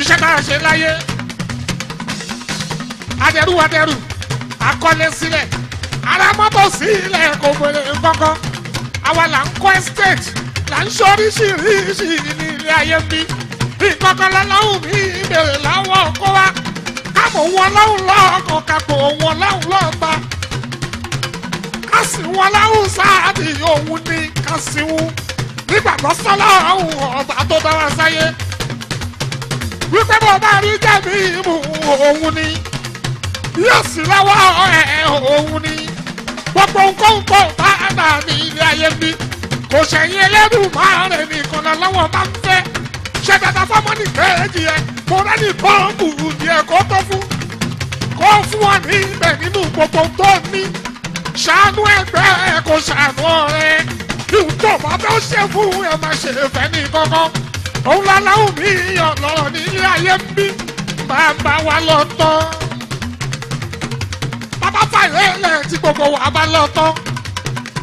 iṣẹ́ tá a ṣe láyé adẹrú adẹrú akọ́lé sílẹ̀ aramọ́tò sílẹ̀ kò béèrè nǹkankan àwa là ń kọ́ estate là ń ṣoríṣiríṣi nílé ayé ń bí ìkọkànlá mi ìbèrè láwọ̀ kó wá kápò wọn lọ́hùn lọ́ọ̀kan kápò wọn lọ́hùn lọ́ọ̀gbà ká sì wọn lọ́hùn sáàdì òun ní ká sì wú nígbàgbọ́ sọ́lá ọ̀hún ọ̀tá tó dára sáyé wípé bó bá rí jẹ̀bi ìmú òun ni yóò sì lọ́wọ́ ẹ̀ òun ni gbogbo nǹkan tó bá dà ní ilé ayé ń kò ṣẹ̀yìn ẹlẹ́rù máa rẹ̀ nìkan lọ́wọ́ bá ń fẹ́ ṣé dada fọmọ́nì kẹ́ẹ̀jì ẹ mo rẹ́ni bọ́ọ̀mù yẹ kó tó fún kó fún wa ní ibẹ̀ nínú gbogbo tó ní ṣàánú ẹgbẹ́ ẹ kò ṣàánú ọ̀rẹ́ ìwúntò bàbá ó ṣe fún ẹ má ṣe fẹ́ ní kankan òun lọ́láhùn mi ọ̀lọ́rọ̀ nílé ayé ń bí bàbá wa lọ tán bàbá fàyè tí gbogbo wa bá lọ tán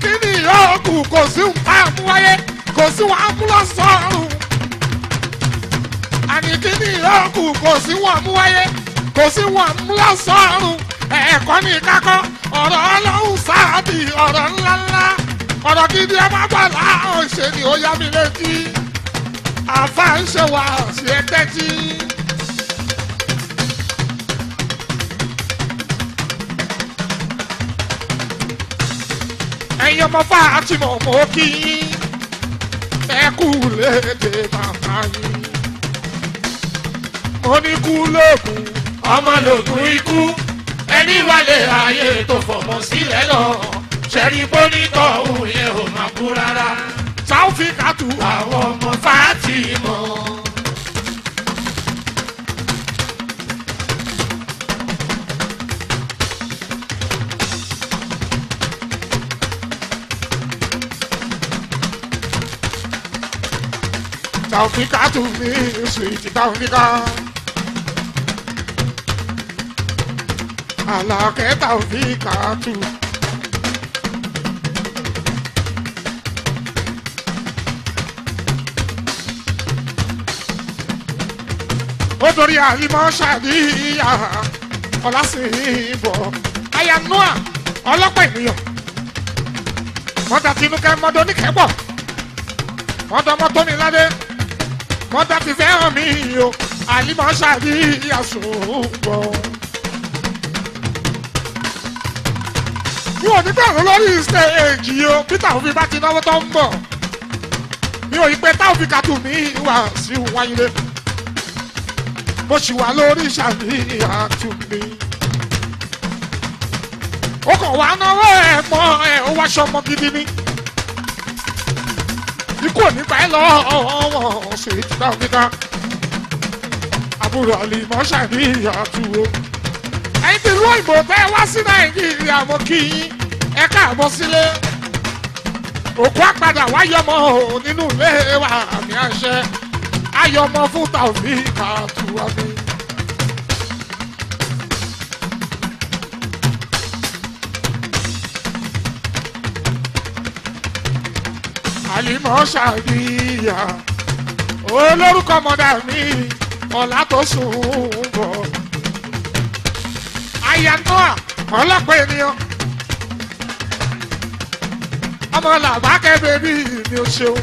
kí ni ìyókù kò sí nǹkan àmúwáyé kò sí wọn amúlọ́sọ̀rùn àní kí ni ìyókù kò sí wọn àmúwáyé kò sí wọn amúlọ́sọ̀rùn ẹ̀kọ́ ní kakọ́ ọ̀rọ̀ ọlọ́run sáàdì ọ̀rọ̀ ńláńlá ọ̀rọ̀ gidi amábàlá ọ̀ṣẹ́ ni ó yá mi létí àfa ń ṣe wàásù ẹ̀tẹ́tí. ẹ̀yin ọmọ Fátímọ̀ mo kí yín ẹ̀kú léde màmá yín mo ní kú lóògùn ọmọ lògùn ikú ẹni wálé ayé tó fọmọ sílẹ̀ lọ ṣẹ̀rí bónítọ̀ òun yẹn ò máa kú Taufika to me, sweet Taufika. Alake Taufika to. Odori Alimọ Ṣàdíyà Ọlásìnbọ̀ Ayanua ọlọ́pàá ènìyàn. Mọ́tà Tinúkẹ́ mọ́dọ́ níkẹ́ bọ̀. Mọ́tò ọmọ Tómiládé kọ́tà ti fẹ́ hàn mí o àlìmọ́ ṣàbí àsùnwọ̀. mi ò ní bẹ̀rù lórí stéèjì o peter òfin bá ti náwó tó ń bọ̀ mi ò yí pé táwọn fi kàtó mi wà sí wáyé mo sì wà lórí ṣàbíyàn tù mí ó kàn wá náwó ẹ̀ mọ́ ẹ̀ ó wáṣọ ọmọ gidi ni tí kò ní gbà ẹ́ lọ ọ̀hún ṣe é jìdá onídá àbúrò àlìmọ́ṣà ní ìyá àtúwò. ẹ̀yin tí ló ìbò bẹ́ẹ̀ wá sí nàìjíríà mo kí yín ẹ káàbọ̀ sílé òkú àpàdà wáyọmọ nínú ilé wa ní àṣẹ ayọmọ fún tàwọn ìkàtúwọ́ mi. àlìmọ́ ṣàbíyà olórúkọ mọ́dà mi ọ̀la tó sùn bọ̀. àyànnúà ọlọ́pàá ènìyàn ọmọ làbákẹ́ bèbí mi ò ṣeun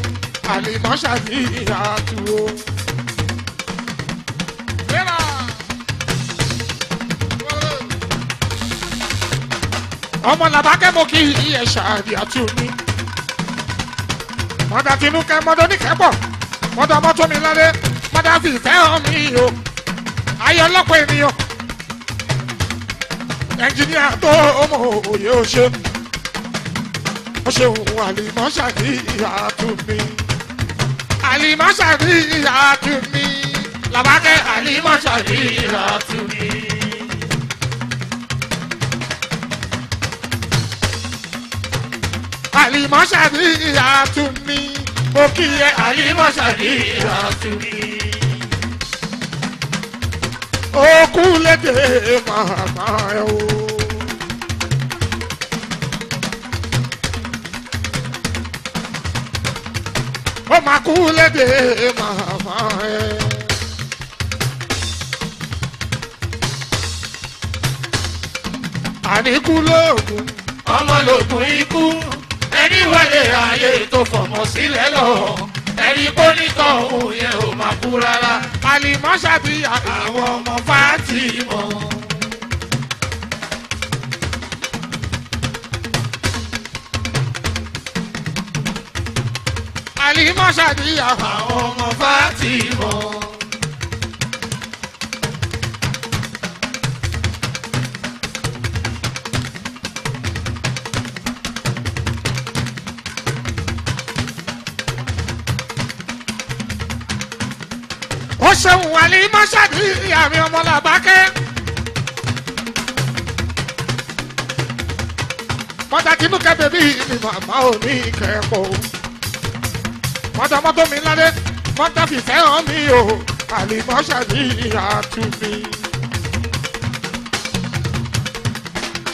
àlìmọ́ ṣàbíyà dúró. ọmọ làbákẹ́ mo kí iye ṣàbíyà tún mi mọ̀dà tinúkẹ́ mọ̀dà oníkẹ́pọ̀ mọ̀dà mọ́tòmílálé mọ̀dà fìfẹ́ hàn mí o ayé ọlọ́pàá ènìyàn ẹnjìníà tó ọmọ òye ó ṣe ó ṣe òun àlìmọ́ṣàdì ìyá tù mí àlìmọ́ṣàdì ìyá tù mí làbákẹ́ àlìmọ́ṣàdì ìyá tù àlìmọ́ṣàdì ìyá tún ní mo kí ẹ àlìmọ́ṣàdì ìyá tún ní. okú lédè màmá o. ó máa kú lédè màmá ẹ. àníkú lóògùn ọmọ lóògùn ikú ẹni wálé ayé tó fọmọ sílẹ̀ lọ ẹni kó nítọ̀ òun yẹn ò máa kú rárá. àlìmọ́ ṣàbíyà àwọn ọmọ fáàtì mọ́. àlìmọ́ ṣàbíyà àwọn ọmọ fáàtì mọ́. ó ṣeun wàlí mọ́ṣáàdì ìyá mi ọmọ làbákẹ́. pàtàkì inú kẹ́bẹ̀ bí ni màmá ò ní kẹ́kọ̀ọ́. mọ́tàmọ́tò mi lálẹ́ mọ́tàfìfẹ́ hàn mí o àlè mọ́ṣáàdì ìyá tù mí.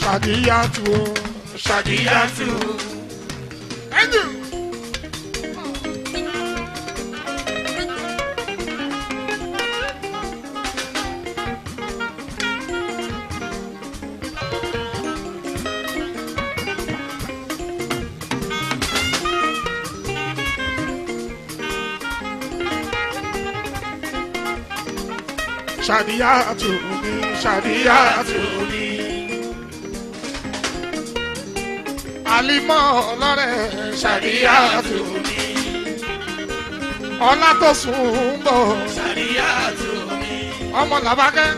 ṣàdíyàtù ṣàdíyàtù. ṣàdíyàtù ni ṣàdíyàtù ni. àlímọ́ ọlọ́rẹ̀ ṣàdíyàtù ni. ọlá tó sùn ń bọ̀ ṣàdíyàtù ni. ọmọ làbákẹ́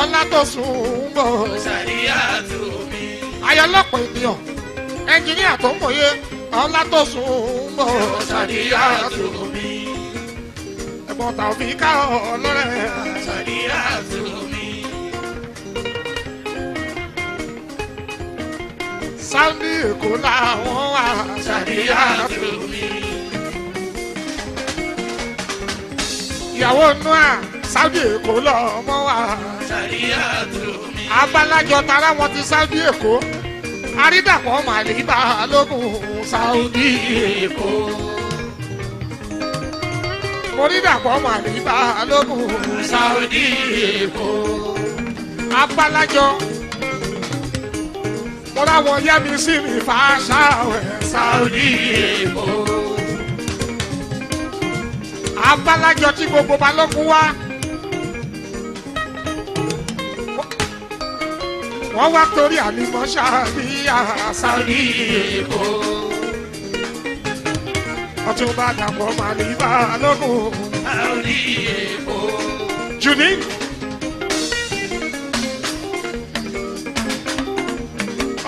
ọlá tó sùn ń bọ̀ ṣàdíyàtù ni. ayọ̀lọ́pọ̀ ènìyàn ẹnjìníà tó ń bòye ọlá tó sùn ń bọ̀ ṣàdíyàtù ni. ẹ̀gbọ́n tàbí ká ọlọ́rẹ̀. Abirazu mi. Sáńdì Èkó làwọn wà. Abirazu mi. Ìyàwó Noah Sáńdì Èkó lọ́mọ wà. Abirazu mi. Abalájọ tara wọn ti Sáńdì Èkó. Arídàpọ̀ màlíbà lókun Sáńdì Èkó mo rí dàpọ̀ mà ní balógun Saudi èkó abalajọ mo ráwọn yá mi sí mi fà ṣàwẹ̀ Saudi èkó abalajọ tí gbogbo balógun wá. wọ́n wá torí àlùmọ́ṣá bí àṣà ní èkó ọtún bá dàpọ̀ máa ní balógun. a ò ní èèpo. jùní.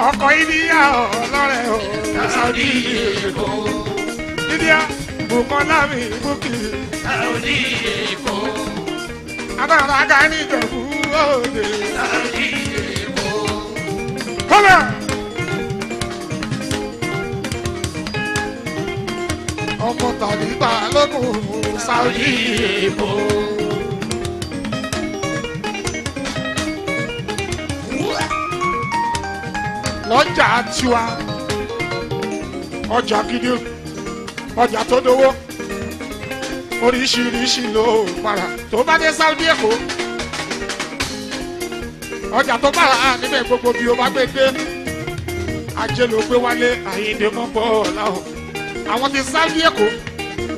ọkọ ìdíyà ọlọ́rẹ̀ o. a ò ní èèpo. ìdíyà bùkọ́lá mi bùkì. a ò ní èèpo. abáraga ní ìjọ̀bú òde. a ò ní èèpo. kọ́mọ̀. ọmọ tàbí balógun Saoji Igbo. lọ́jà tiwa ọjà gidi ọjà tó dowó oríṣiríṣi ló para tó bá dé Saudi Èkó ọjà tó para níbẹ̀ gbogbo bí o bá gbé dé ajé ló gbé wálé àyíndé mọ́ bọ́ ọ̀la àwọn ti sáré èkó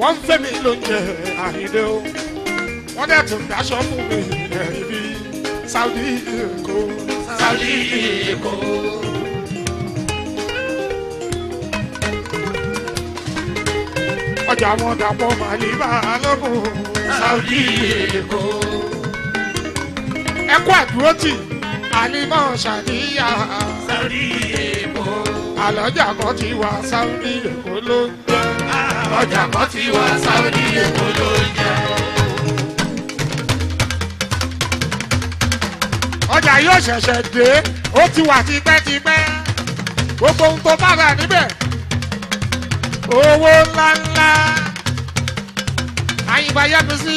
wọ́n ń fẹ́ mi lóúnjẹ àhìndé o wọ́n dẹ̀ tún dáṣọ fún mi ibi Saudi èkó. Saudi èkó. ọjà wọn dàpọ̀ màlíbà lọ́gùn. Saudi èkó. ẹ kú àdúrótì àlìmọ̀ ṣàníyà. Saudi èkó alájà kan ti wá sáúdí èkó ló ń jẹ. ọjà kan ti wá sáúdí èkó ló ń jẹ. ọjà yóò ṣẹ̀ṣẹ̀ dé ó ti wà tipẹ́tipẹ́ gbogbo ohun tó bá rà níbẹ̀ owó ńláńlá àyìnbá yẹnu sí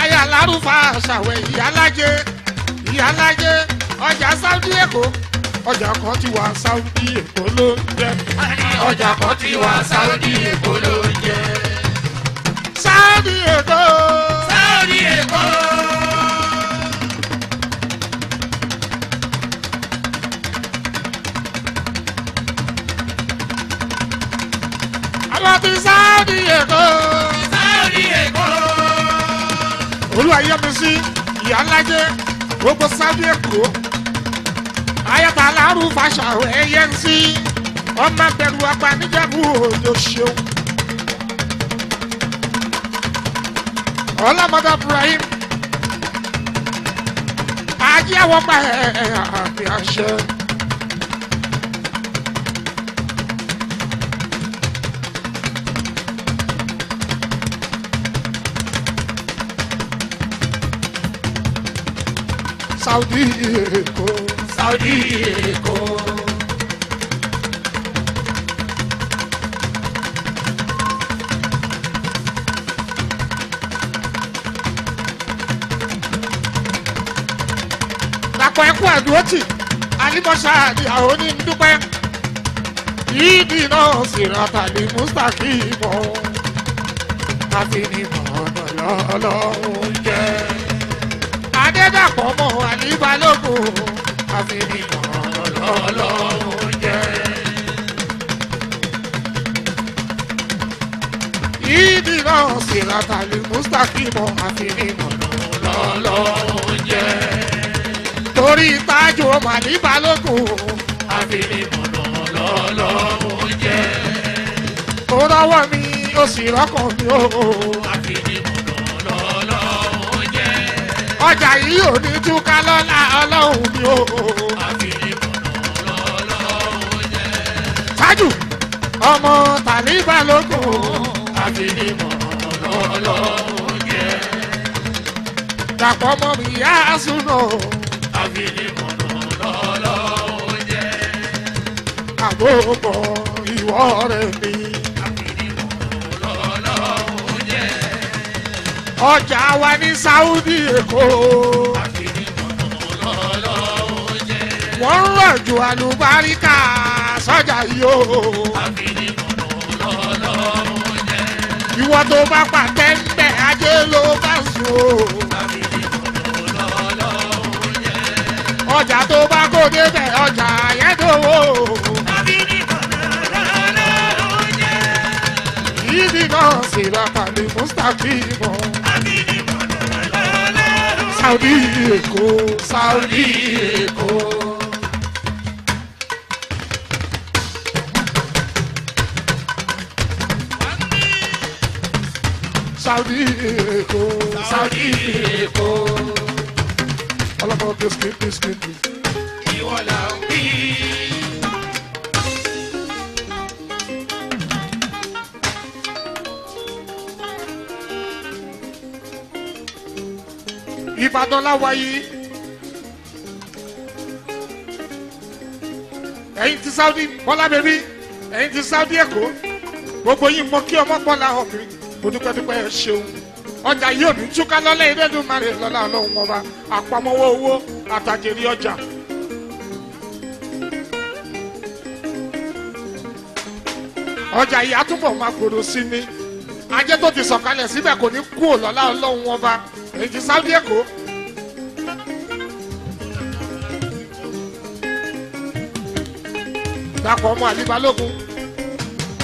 ayé alárùfà àṣàwẹ̀ ìyálájẹ ìyálájẹ ọjà sáúdí èkó ọjà kan ti wà Saudi Èkó ló ń jẹ. ọjà kan ti wà Saudi Èkó ló ń jẹ. Saudi Èkó. Saudi Èkó. àwọn ti Saudi Èkó. Saudi Èkó. olúwa yọ mi sí ìyá ńlá jẹ gbogbo Saudi Èkó alárù fàṣàrò ẹyẹ ń sí ọmọ bẹ̀rù ọgbà níjẹ̀bú òjò ṣeun. ọlọ́mọdé Ibrahim ajé àwọn ọmọ ẹ̀ àbí àṣẹ. Saudi Èkó. Saudi Èkó. Dàpọ̀ ẹkú àdúrótì Alímọ́ṣá ìyàwó ní dúpẹ́ yídì náà sì rọ̀tàlì mustaki mọ́ káfí ni mọ̀ọ́nà lọ́lọ́run jẹ́ adédàpọ̀ mọ́ àlíbalógún fi ní mọ̀ lọ́lọ́wọ́ jẹ́. Ìdí náà sì látàlí Mùsítàkìmọ̀ àfi ní mọ̀ lọ́lọ́wọ́ jẹ́. Torí tájú màdí balógun àfi ní mọ̀ lọ́lọ́wọ́ jẹ́. Ó rọ́wọ́ mi ó sì rọ́kàn mi ó. Àfi ní mọ̀ lọ́lọ́wọ́ jẹ́. Ọjà yìí ò túká lọ́la ọlọ́run mi o. àfìlímọ̀nà ọlọ́run jẹ́. ṣáájú ọmọ tàlíbà lóko. àfìlímọ̀nà ọlọ́run jẹ́. dàpọ̀ ọmọ mi yá súnà. àfìlímọ̀nà ọlọ́run jẹ́. àbòbọ̀ ìwọ rẹ̀ mi. ọjà wa ní Saudi Èkó. wọ́n ń rọ̀jò àlùbáríkà sọ́jà yìí o. àfinimọ̀nà lọ́lọ́run jẹ́. ìwọ tó bá pàtẹ́ ń bẹ̀ ajé ló bá sùn o. àfinimọ̀nà lọ́lọ́run jẹ́. ọjà tó bá kó débẹ̀ ọjà yẹn tó wò. àfinimọ̀nà ìdí náà sì ra pàdé mustapha mọ́. Saudi Èkó Saudi Èkó. Saudi Èkó. Saudi Èkó. ọlọ́mọ bisikì bisikì. ìwọ là ń bí. Ìbàdàn ẹ̀yin ti Saudi Bọ́lá bèbí ẹ̀yin ti Saudi Èkó gbogbo yìí mọ kí ọmọ Bọ́lá ọkùnrin mo dúpẹ́ dúpẹ́ ẹ ṣeun ọjà yìí ò ní túká lọ́lẹ́ ìrẹ́dùnmarè lọ́lá ọlọ́run ọba àpamọ́wọ́ owó àtàjèrè ọjà ọjà yìí àtúbọ̀ máa gbòòrò sí ni ajé tó ti sọ̀kalẹ̀ síbẹ̀ kò ní kú òlọ́lá ọlọ́run ọba èyí ti èkó. dàpọ̀ ọmọ àlìbalógun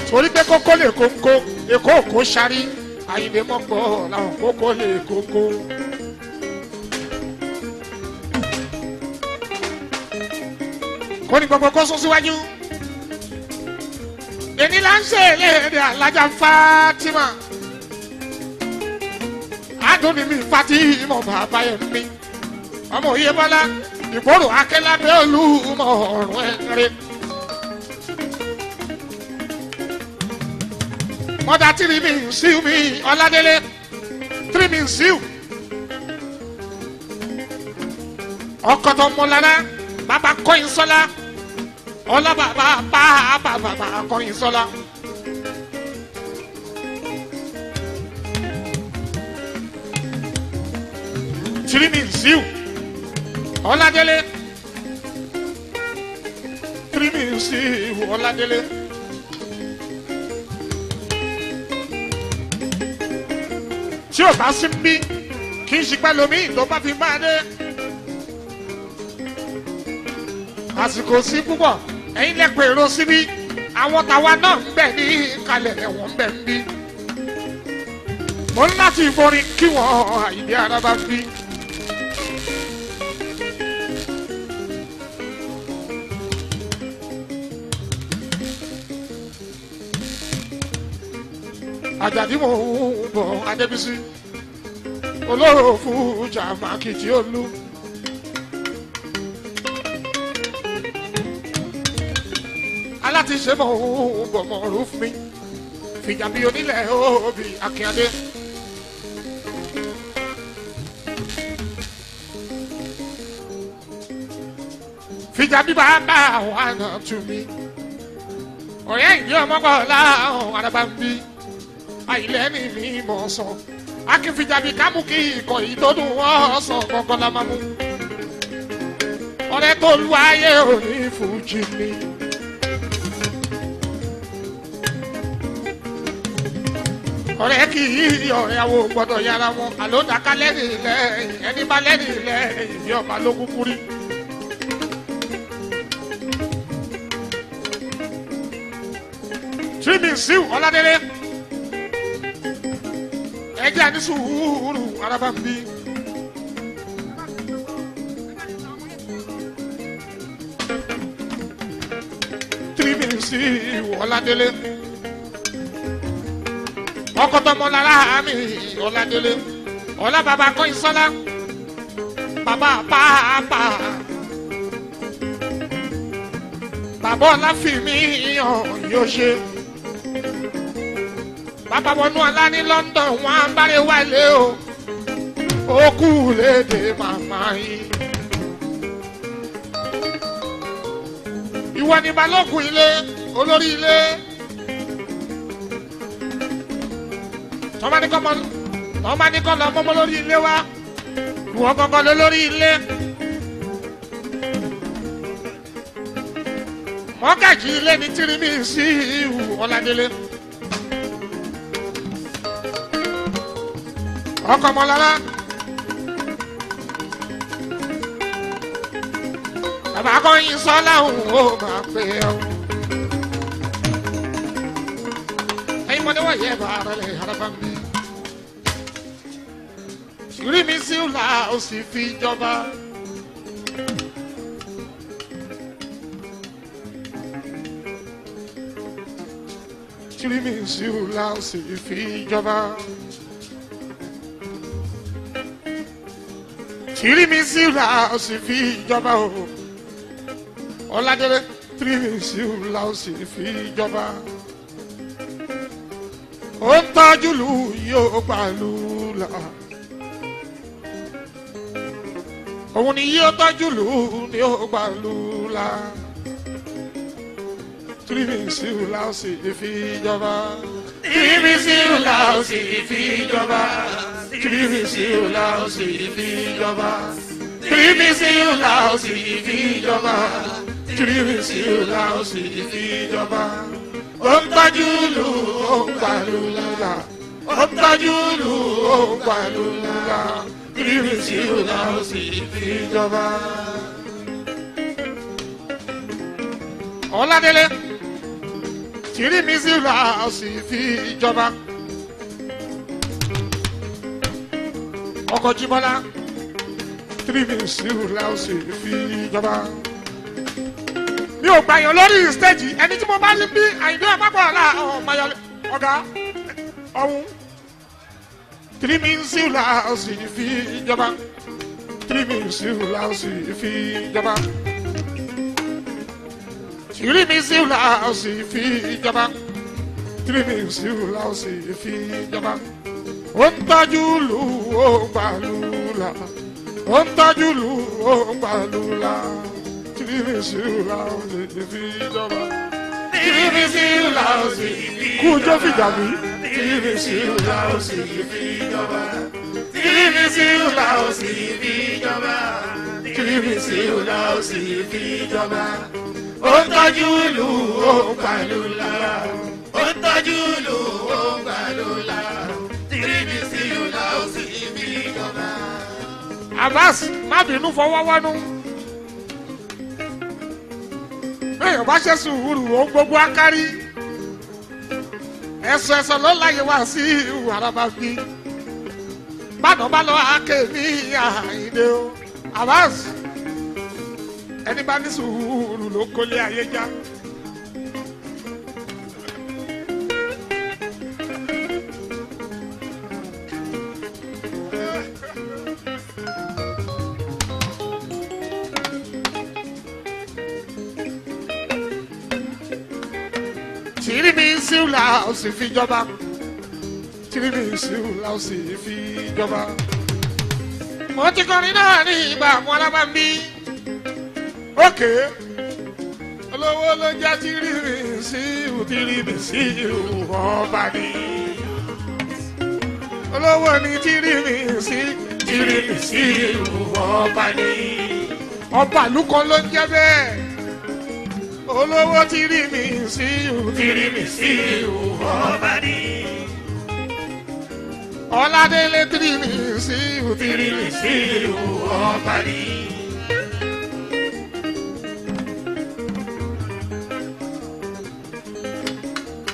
torí pé kókó lè kóńkó èkó òkó sáré àyìnbé mọ́pọ̀ làwọn kókó lè kókó. kó ní gbogbo kó sún síwájú èmi là ń ṣe ẹlẹ́ẹ̀dẹ̀ alájà Fatima adùnni mi Fatima bàbá ẹ̀ mi ọmọ Oyèbọ́lá ìgboro akẹ́lábẹ́ olúmọ̀ ọ̀rùn ẹ̀ rẹ̀. mọ́tà tìrì mi síu mi ọ̀làdélé tìrì mi síu. ọkọ̀ tó mú lára bàbá kọ́yìn sọ́lá ọlọ́bàbà bá bàbà kọ́yìn sọ́lá. tìrì mi síu ọ̀làdélé tìrì mi síu ọ̀làdélé. tí ò bá sí bí kì í ṣipẹ́ lomi tó bá fi máa dé. àsìkò sí púpọ̀ ẹ̀yin lẹ́pẹ̀ èrò síbí àwọn tàwa náà ń bẹ ní kalẹ̀ ẹ̀wọ̀n ń bẹ ń bí. mo ń láti ìforin kí wọ́n àìdí ara fi. àjàdí mò ń bọ̀ adébísí olóró fújà màkìtì olú. alátiṣe mò ń bọ̀ mọ̀ọ́rù fún mi fìjà bí onílẹ̀ òbí akínyadé. fìjà bíbá bá àwọn àna tù mí ọ̀rẹ́ ìdí ọmọ bọ̀ láwọn àdàbà ń bí àìlẹ́ mi fi mọ̀ sọ. akínfìjàbí kámú kí ikọ̀ yìí tó dùn wọ́n sọ gbọ̀ngàn la máa mú. ọ̀rẹ́ tó lu ayé òní fújì mi. ọ̀rẹ́ kì í ọ̀rẹ́ àwọn gbọ́dọ̀ yára wọn àló dàka lẹ́rìn lẹ́yìn ẹni bá lẹ́rìn lẹ́yìn bí ọba ló kúkú rí bí a ní sùúrù araba ń bí. tìrìbìrìsì ọ̀làdélé ọkọ̀tọ̀mọ́lára àmì ọ̀làdélé ọ̀là bàbá baba bàbá pàápàá bàbá ọ̀làfìmí ọ̀yọ́ ṣe àbábọ̀nú ọ̀la ní London wọn á bárẹ̀ wálé o ó kú léde màmá yín. ìwọ ni balógun ilé olórí ilé tọ́mọ ní kọ́ lọ mọ́mọ́ lórí ilé wa ìwọ gangan ló lórí ilé. mọ́gàjì ilé ni tírímì sí ìhù ọ̀làdélé. ọkọ ọmọlọlá bàbá akọrin sọlá òun ó máa pè é o. ẹyin mọdé wà yẹ bàárẹ lè haraba mi. ìrí mi sí ìlà ó sì fi jọba. ìrí mi sí ìlà ó sì fi jọba. tìrí mi sí la ó sì fi ìjọba o ọládélé tìrí mi sí la ó sì fi ìjọba ó ń tọ́jú lù yóò pàlù la òun ni yóò tọ́jú lù ni ó pàlù la tìrí mi sí la ó sì fi ìjọba tìrí mi sí la ó sì fi ìjọba kìrìsì sí ìlà òsì ìfi ìjọba kìrìsì sí ìlà òsì ìfi ìjọba kìrìsì sí ìlà òsì ìfi ìjọba ó ń gbájú lù ó ń pàlù lọ́la ó ń gbájú lù ó ń pàlù lọ́la kìrìsì sí ìlà òsì ìfi ìjọba. ọ̀làdélé kìrìsì sí ìlà òsì ìfi ìjọba. ọkọ̀ Jíbọ́lá three minutes ní ìhùlá ọ̀sẹ̀ fi jọba. mi ò gbàyàn lórí stéèjì ẹni tí mo bá ní bí àyìnbí àpapọ̀ àlà ọ̀gá ọ̀hún three minutes ní ìhùlá ọ̀sẹ̀ fi jọba three minutes ní ìhùlá ọ̀sẹ̀ fi jọba three minutes ní ìhùlá ọ̀sẹ̀ fi jọba three minutes ní ìhùlá ọ̀sẹ̀ fi jọba ó ń tọ́jú lù ó gbàlúlà ó ń tọ́jú lù ó gbàlúlà kìrìrì sílùlà ó lè fi jọba kìrìrì sílùlà ó sì fi jọba kú jọ fìjà mí kìrìrì sílùlà ó sì fi jọba kìrìrì sílùlà ó sì fi jọba kìrìrì sílùlà ó sì fi jọba ó ń tọ́jú lù ó gbàlúlà ó ń tọ́jú lù ó gbàlúlà. Abbas má bínú fọwọ́ wọnú. bẹ́ẹ̀ bá ṣe sùúrù ó gbogbo akárí. ẹ̀sùn ẹ̀sùn ló láyé wá sí ìhù àràbà bí. bàdàn bá lọ àáké ní àhàyìndé o Abbas ẹni bá ní sùúrù ló kólé ayé já. la ó sì fi jọba tìrìbìsì la ó sì fi jọba. mo ti kọrin náà ní ìgbà àwọn alábàámbí òkè olówó ló já tìrìbìsì tìrìbìsì ọba ni olówó ni tìrìbìsì tìrìbìsì ọba ni ọba àlùkò ló ń jẹ bẹ́ẹ̀ olówó ti rí mi sí ìhù ti rí mi sí ìhù ọba ní. ọládélé ti rí mi sí ìhù ti rí mi sí ìhù ọba ní.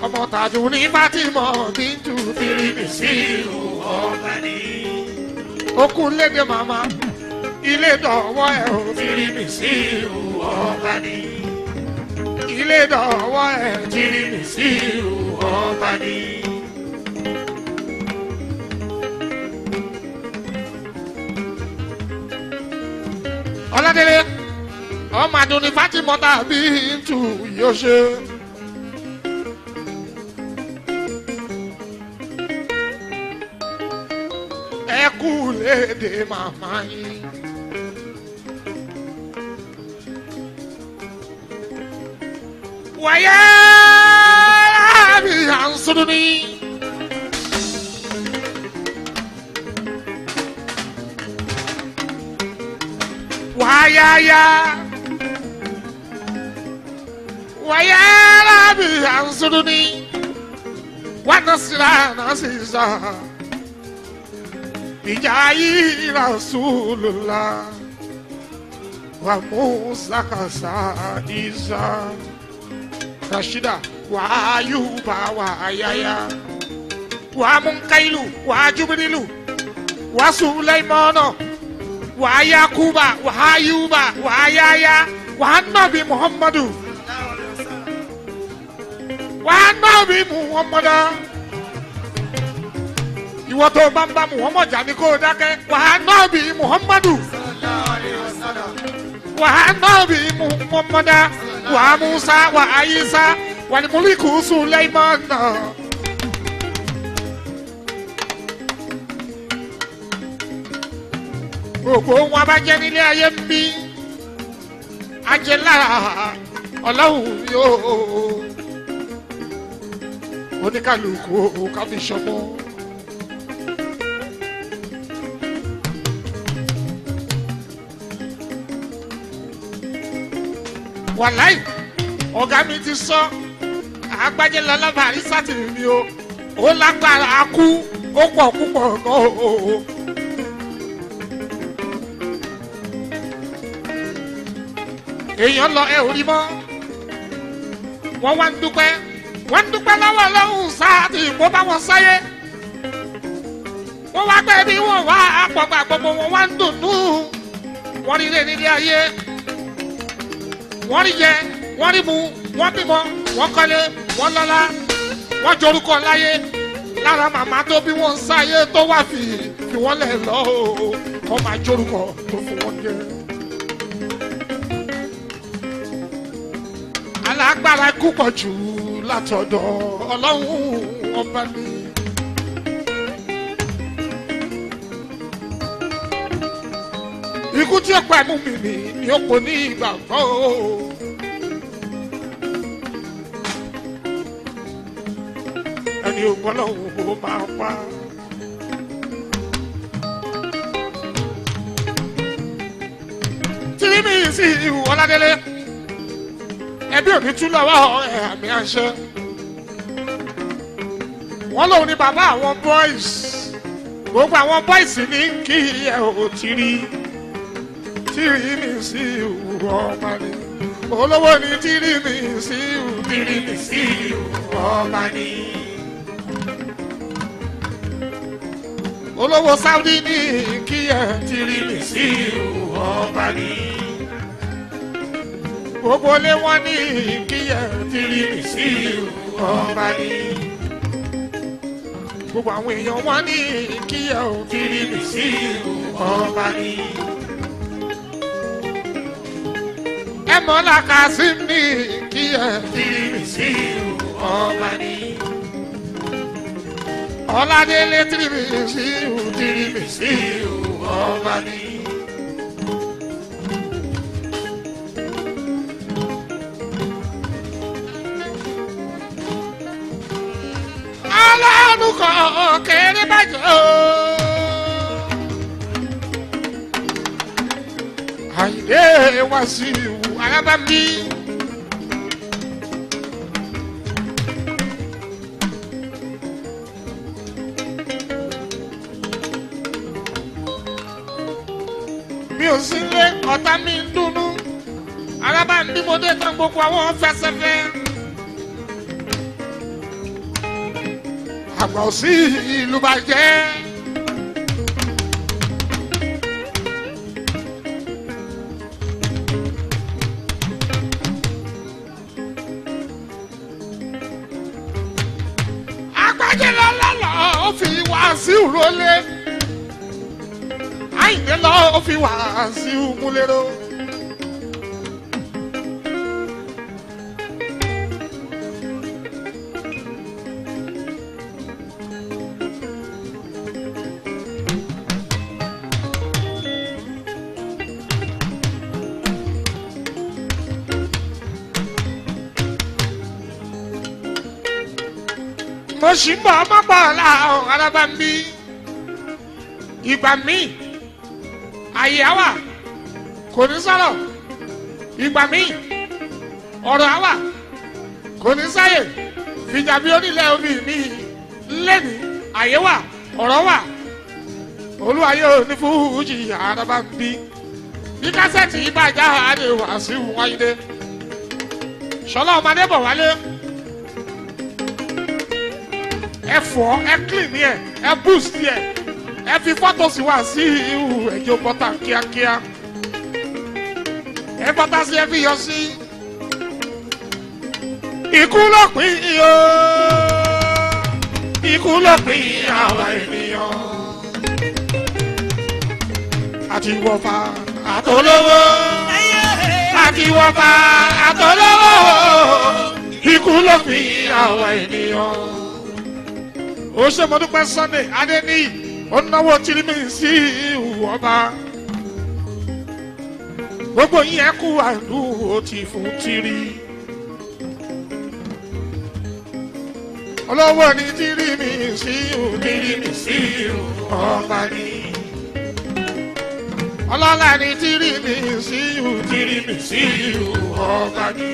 ọmọ tàjú ní fátímọ̀ tí ń ju ti rí mi sí ìhù ọba ní. okùn lédè màmá ilé dọ̀wọ́ ẹ̀ ò ti rí mi sí ìhù ọba ní ilé dọ̀wọ́ ẹ̀ kiri mi sí ìhù ọba ni. ọlọ́dẹ̀lẹ̀ ọmọ àdùnní fátímọ́tà bíi yóò ṣe. ẹ kú léde màmá yín. wàyà mi à ń sọdún ní. wàyàyà wàyà mi à ń sọdún ní. wàtà sílá náà sì sá. بجاي رسول الله وموسى كسائسا rashida wa ayuba wa ayaya wa munkailu wa jibrilu wa sulaimano wa yakuba wa ayuba wa ayaya wa nabi muhammadu wa nabi muhammada ìwọ tó bá ń bá muhammad jà kó o dákẹ́ wa nabi muhammadu wa nabi muhammada wa Musa wa Aisa walimuliku Suleimana. gbogbo wọn bá jẹ nílé ayé ń bí ajẹlá ọlọ́run yóò oníkàlùkù ká wàláì ọ̀gá mi ti sọ agbájẹ́ lalábàárí sátìrì mi o ó lágbára akú ó pọ̀ púpọ̀ náà o. èèyàn lọ ẹ ò rí mọ́ wọ́n wá ń dúpẹ́ wọ́n ń dúpẹ́ lọ́wọ́ ọlọ́run sáàtì kó bá wọn sáyé wọ́n wá pẹ́ bí wọ́n wá àpọ̀gbà gbogbo wọn wá ń dùnnú wọ́n rí lé nílé ayé wọ́n rí jẹ wọ́n rí mu wọ́n bímọ wọ́n kọ́lé wọ́n lọ́lá wọ́n jorúkọ láyé lára màmá tó bí wọ́n ń sáyé tó wà fi fi wọ́n lẹ̀ lọ́ o kọ́ máa jorúkọ tó fún wọn jẹ. alágbára kú pọ̀ jù látọ̀dọ̀ ọlọ́run ọba mi. ikú tí ó pa ẹ̀mú mi mi ni ó kò ní ìgbàgbọ́ o. ẹni ògbọ́n lọ́wọ́ ó máa pa. tìrìmì sí ìhù ọ̀làdélé ẹbí òní tún lọ́wọ́ ẹ̀ àṣẹ wọ́n lòun ni bàbá àwọn boys gbogbo àwọn boys ní kí ẹ ò ti rí i tìrì mi sí ìwú ọmọ ni olówó ni tìrì mi sí ìwú tìrì mi sí ìwú ọmọ ni. olówó sáúdí ní kíyẹ tìrì mi sí ìwú ọmọ ni. gbogbo lé wọn ní kíyẹ tìrì sí ìwú ọmọ ni gbogbo àwọn èèyàn wá ní kíyà ò sí ìlú ọba ni. ẹ mọ làkà sí mi kí ẹ fi mi sí ọba ni. ọ̀làdélé tìrì mi sí ìhù ọba ni. ọlọ́run kéré bàjẹ́. Àyìndé wá sí i bá bí. mi ò sí lé ọ̀tá mi ń dùnnú alábà ń bímọ dé tán gbogbo àwọn fẹsẹ̀fẹ́. àgbà ò sí ìlú bàjẹ́. tó fi Wasiu Múléró. mo sì ń bọ̀ ọmọ bọ̀ ọ̀la ọ̀rọ̀ bá ìgbà míì àyè á wà kò ní sọ̀rọ̀ ìgbà míì ọ̀rọ̀ á wà kò ní sáyè fìjàbí onílẹ̀ omi mi lẹ́nu àyè wà ọ̀rọ̀ wà olúwa yóò ní fújì àràbà ń bí ní kásẹ̀tì ìbàjá àdè Wàsíù Wáyídé sọlá ọmọdé bọ̀ wálé ẹ fọ́ ẹ clean yẹ ẹ boost yẹ ẹ fi fọ́tò sí wá sí ihu ẹjọ́ bọ́tà kíákíá ẹ bọ́tà sí ẹ fi yọ sí ikú ló pín iyo ikú ló pín àwa ènìyàn àti wọ́fà àtọ́lọ́wọ́ àti wọ́fà àtọ́lọ́wọ́ ikú ló pín àwa ènìyàn ó ṣe mọ́dúpẹ́ Sunday Adéníyì ó náwó tìrìmì sí ìwọ ọba gbogbo yín ẹ kú àdúró ti fún tìrì. olówó ni tìrìmì sí ìwọ tìrìmì sí ìwọ ọba ni ọlọ́lá ni tìrìmì sí ìwọ tìrìmì sí ìwọ ọba ni.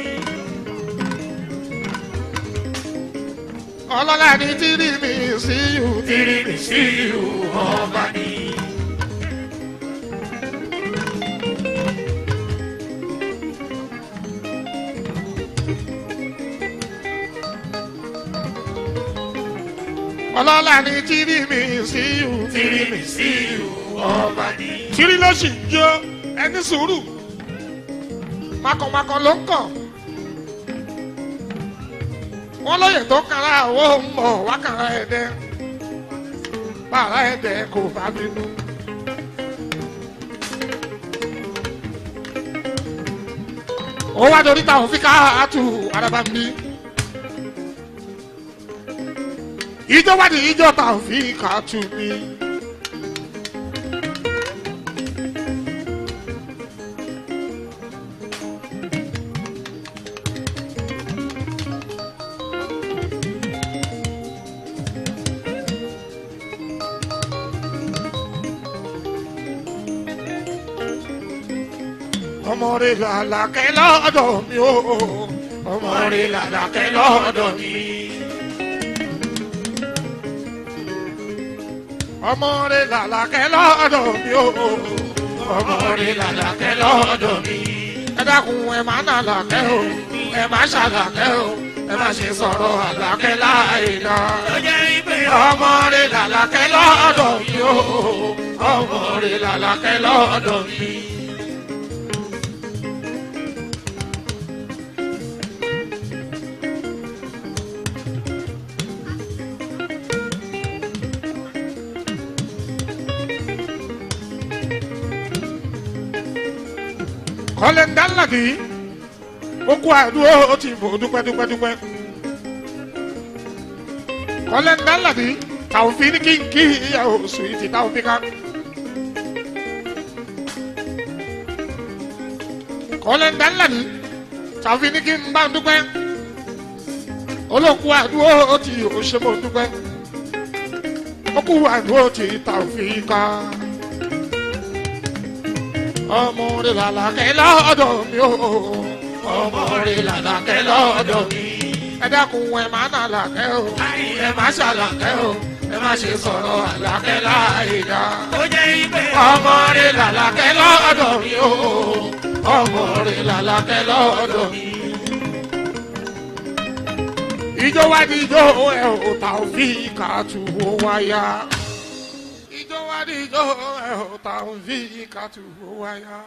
ọlọ́lá ni tírí mi sí yù tírí mi sí yù ọba ni. ọlọ́lá ni tírí mi sí yù tírí mi sí yù ọba ni. tírí ló sì jó ẹni sùúrù makọ̀makọ̀ ló ń kàn wọ́n lóye tó kára owó ń bọ̀ wá kára ẹ̀dẹ́ bàrà ẹ̀dẹ́ kò bá bínú. ó wá dorí táwọn fi ká àtú araba mi. ìjọ wádìí ìjọ táwọn fi ká tù mí. ọmọ la làlàkẹ́ lọ́dọ̀ mi o la rẹ làlàkẹ́ lọ́dọ̀ mi. la rẹ làlàkẹ́ lọ́dọ̀ mi la ọmọ rẹ làlàkẹ́ lọ́dọ̀ mi. ẹ dákun ẹ má nàlàkẹ́ o ẹ má ṣàlàkẹ́ o ẹ má ṣe sọ̀rọ̀ àlàkẹ́ la, ọmọ rẹ làlàkẹ́ lọ́dọ̀ la, o ọmọ kì í ó kú àdúró ó ti bò dúpẹ́ dúpẹ́ dúpẹ́. kọ́lẹ́ńdà làdí táwọn fi ní kí n kí ìyàwó sùwìtì táwọn fi ká. kọ́lẹ́ńdà làdí táwọn fi ní kí n bá dúpẹ́. olókù àdúró ó ti òṣèbò dúpẹ́. ó kú àdúró ó ti táwọn fi ká ọmọ la làlàkẹ́ lọ́dọ̀ mi o ọmọ rẹ̀ làlàkẹ́ lọ́dọ̀ mi. ẹ dákun E má nà làkẹ́ o ẹ e ma o ẹ má ṣe sọ̀rọ̀ àlàkẹ́ láàyè dá. ó jẹ́ ibẹ̀ ọmọ la, làlàkẹ́ lọ́dọ̀ mi o ọmọ rẹ̀ la, lọ́dọ̀ mi. ìjọ wa ni ìjọ ẹ̀ ò tà ó fi kàtú ó wáyà. تنفيك تهوايا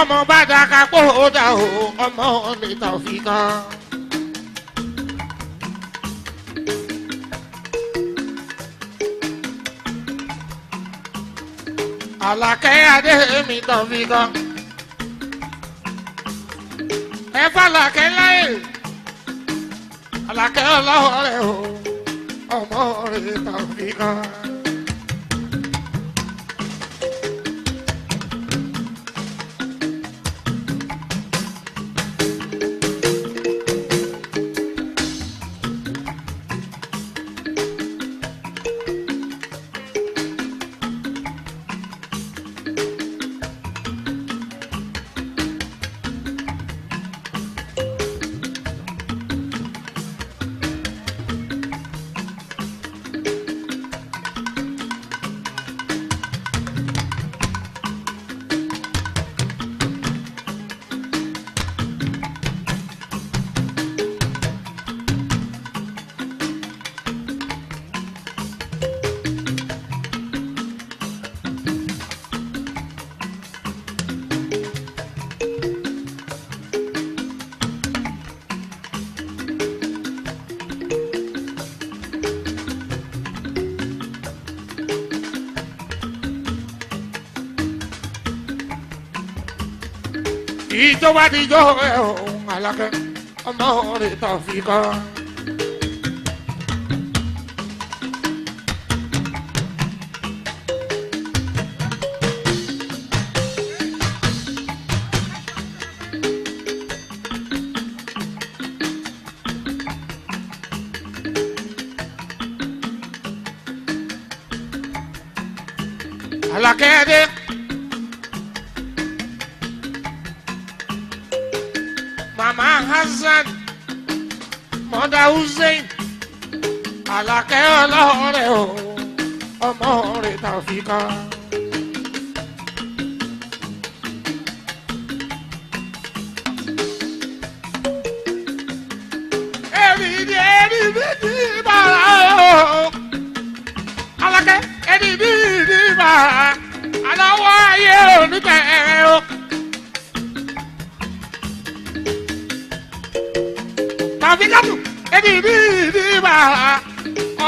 ọmọ bá da ká kó o dà o ọmọ mi tà fi kan. àlàkẹ́ adé mi tà fi kan. ẹ fàlàkẹ́ láyè àlàkẹ́ ọlọ́wọ́ rẹ̀ o ọmọ rẹ̀ tà fi kan. tó bá ti jó ẹ̀ òun àlàkẹ́ ọmọ rẹ̀ tọ̀ Hussein Àlàkẹ́ ọlọ́rẹ̀ o ọmọ rẹ̀ Tàfíkà. èrì ni èrì méjì bàrà o Àlàkẹ́ èrì méjì bàrà aláwọ̀ ayé onígbẹ̀rẹ̀ o. Tàfíkà tù ẹni ní ìdí bàrà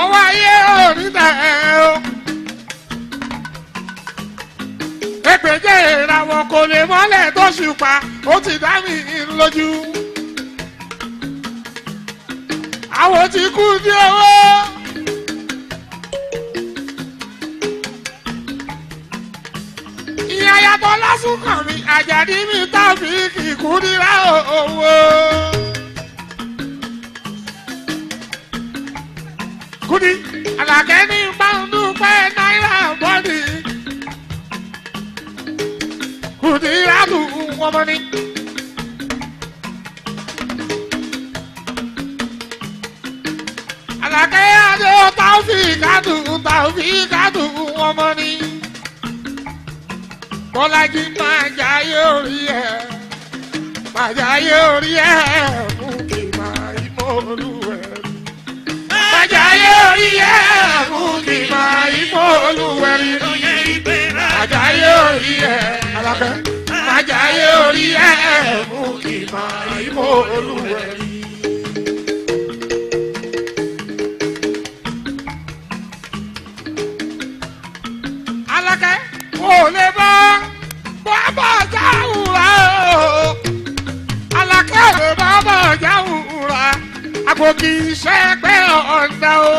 ọwọ́ ayé òní tẹ̀ o. èpèjẹ ìràwọ̀ kò lè mọ́lẹ̀ tó ṣùpá ó ti dá mi lójú. àwọn ti kú ní owó. ìyá yàtọ̀ lásùnkàn mi àjàdí mi tàbí kìkú nira owó. ni. àlàkẹ́ ní pọ́ńdù pé náírà bọ́ ni. kùdíràtù ọmọ ni. àlàkẹ́ adé tàwùfíìkàtù tàwùfíìkàtù ọmọ ni. bọ́lájí máa jayé orí ẹ̀ máa jayé orí ẹ̀ mú kí máa yí mọ́ olú ayé orí ẹ̀ fún kìmọ̀ ìfọ̀ olúwẹ̀rí. àjàyé orí ẹ̀ alákẹ́. àjàyé orí ẹ̀ fún kìmọ̀ ìfọ̀ olúwẹ̀rí. gbá o.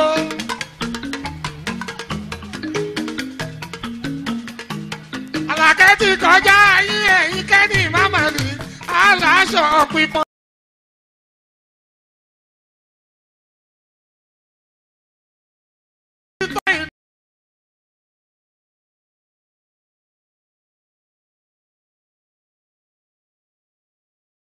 Àlàkẹ́ ti kọjá ayé ẹ̀yìn kẹ́ni Mamadi aláṣọ ọ̀pìn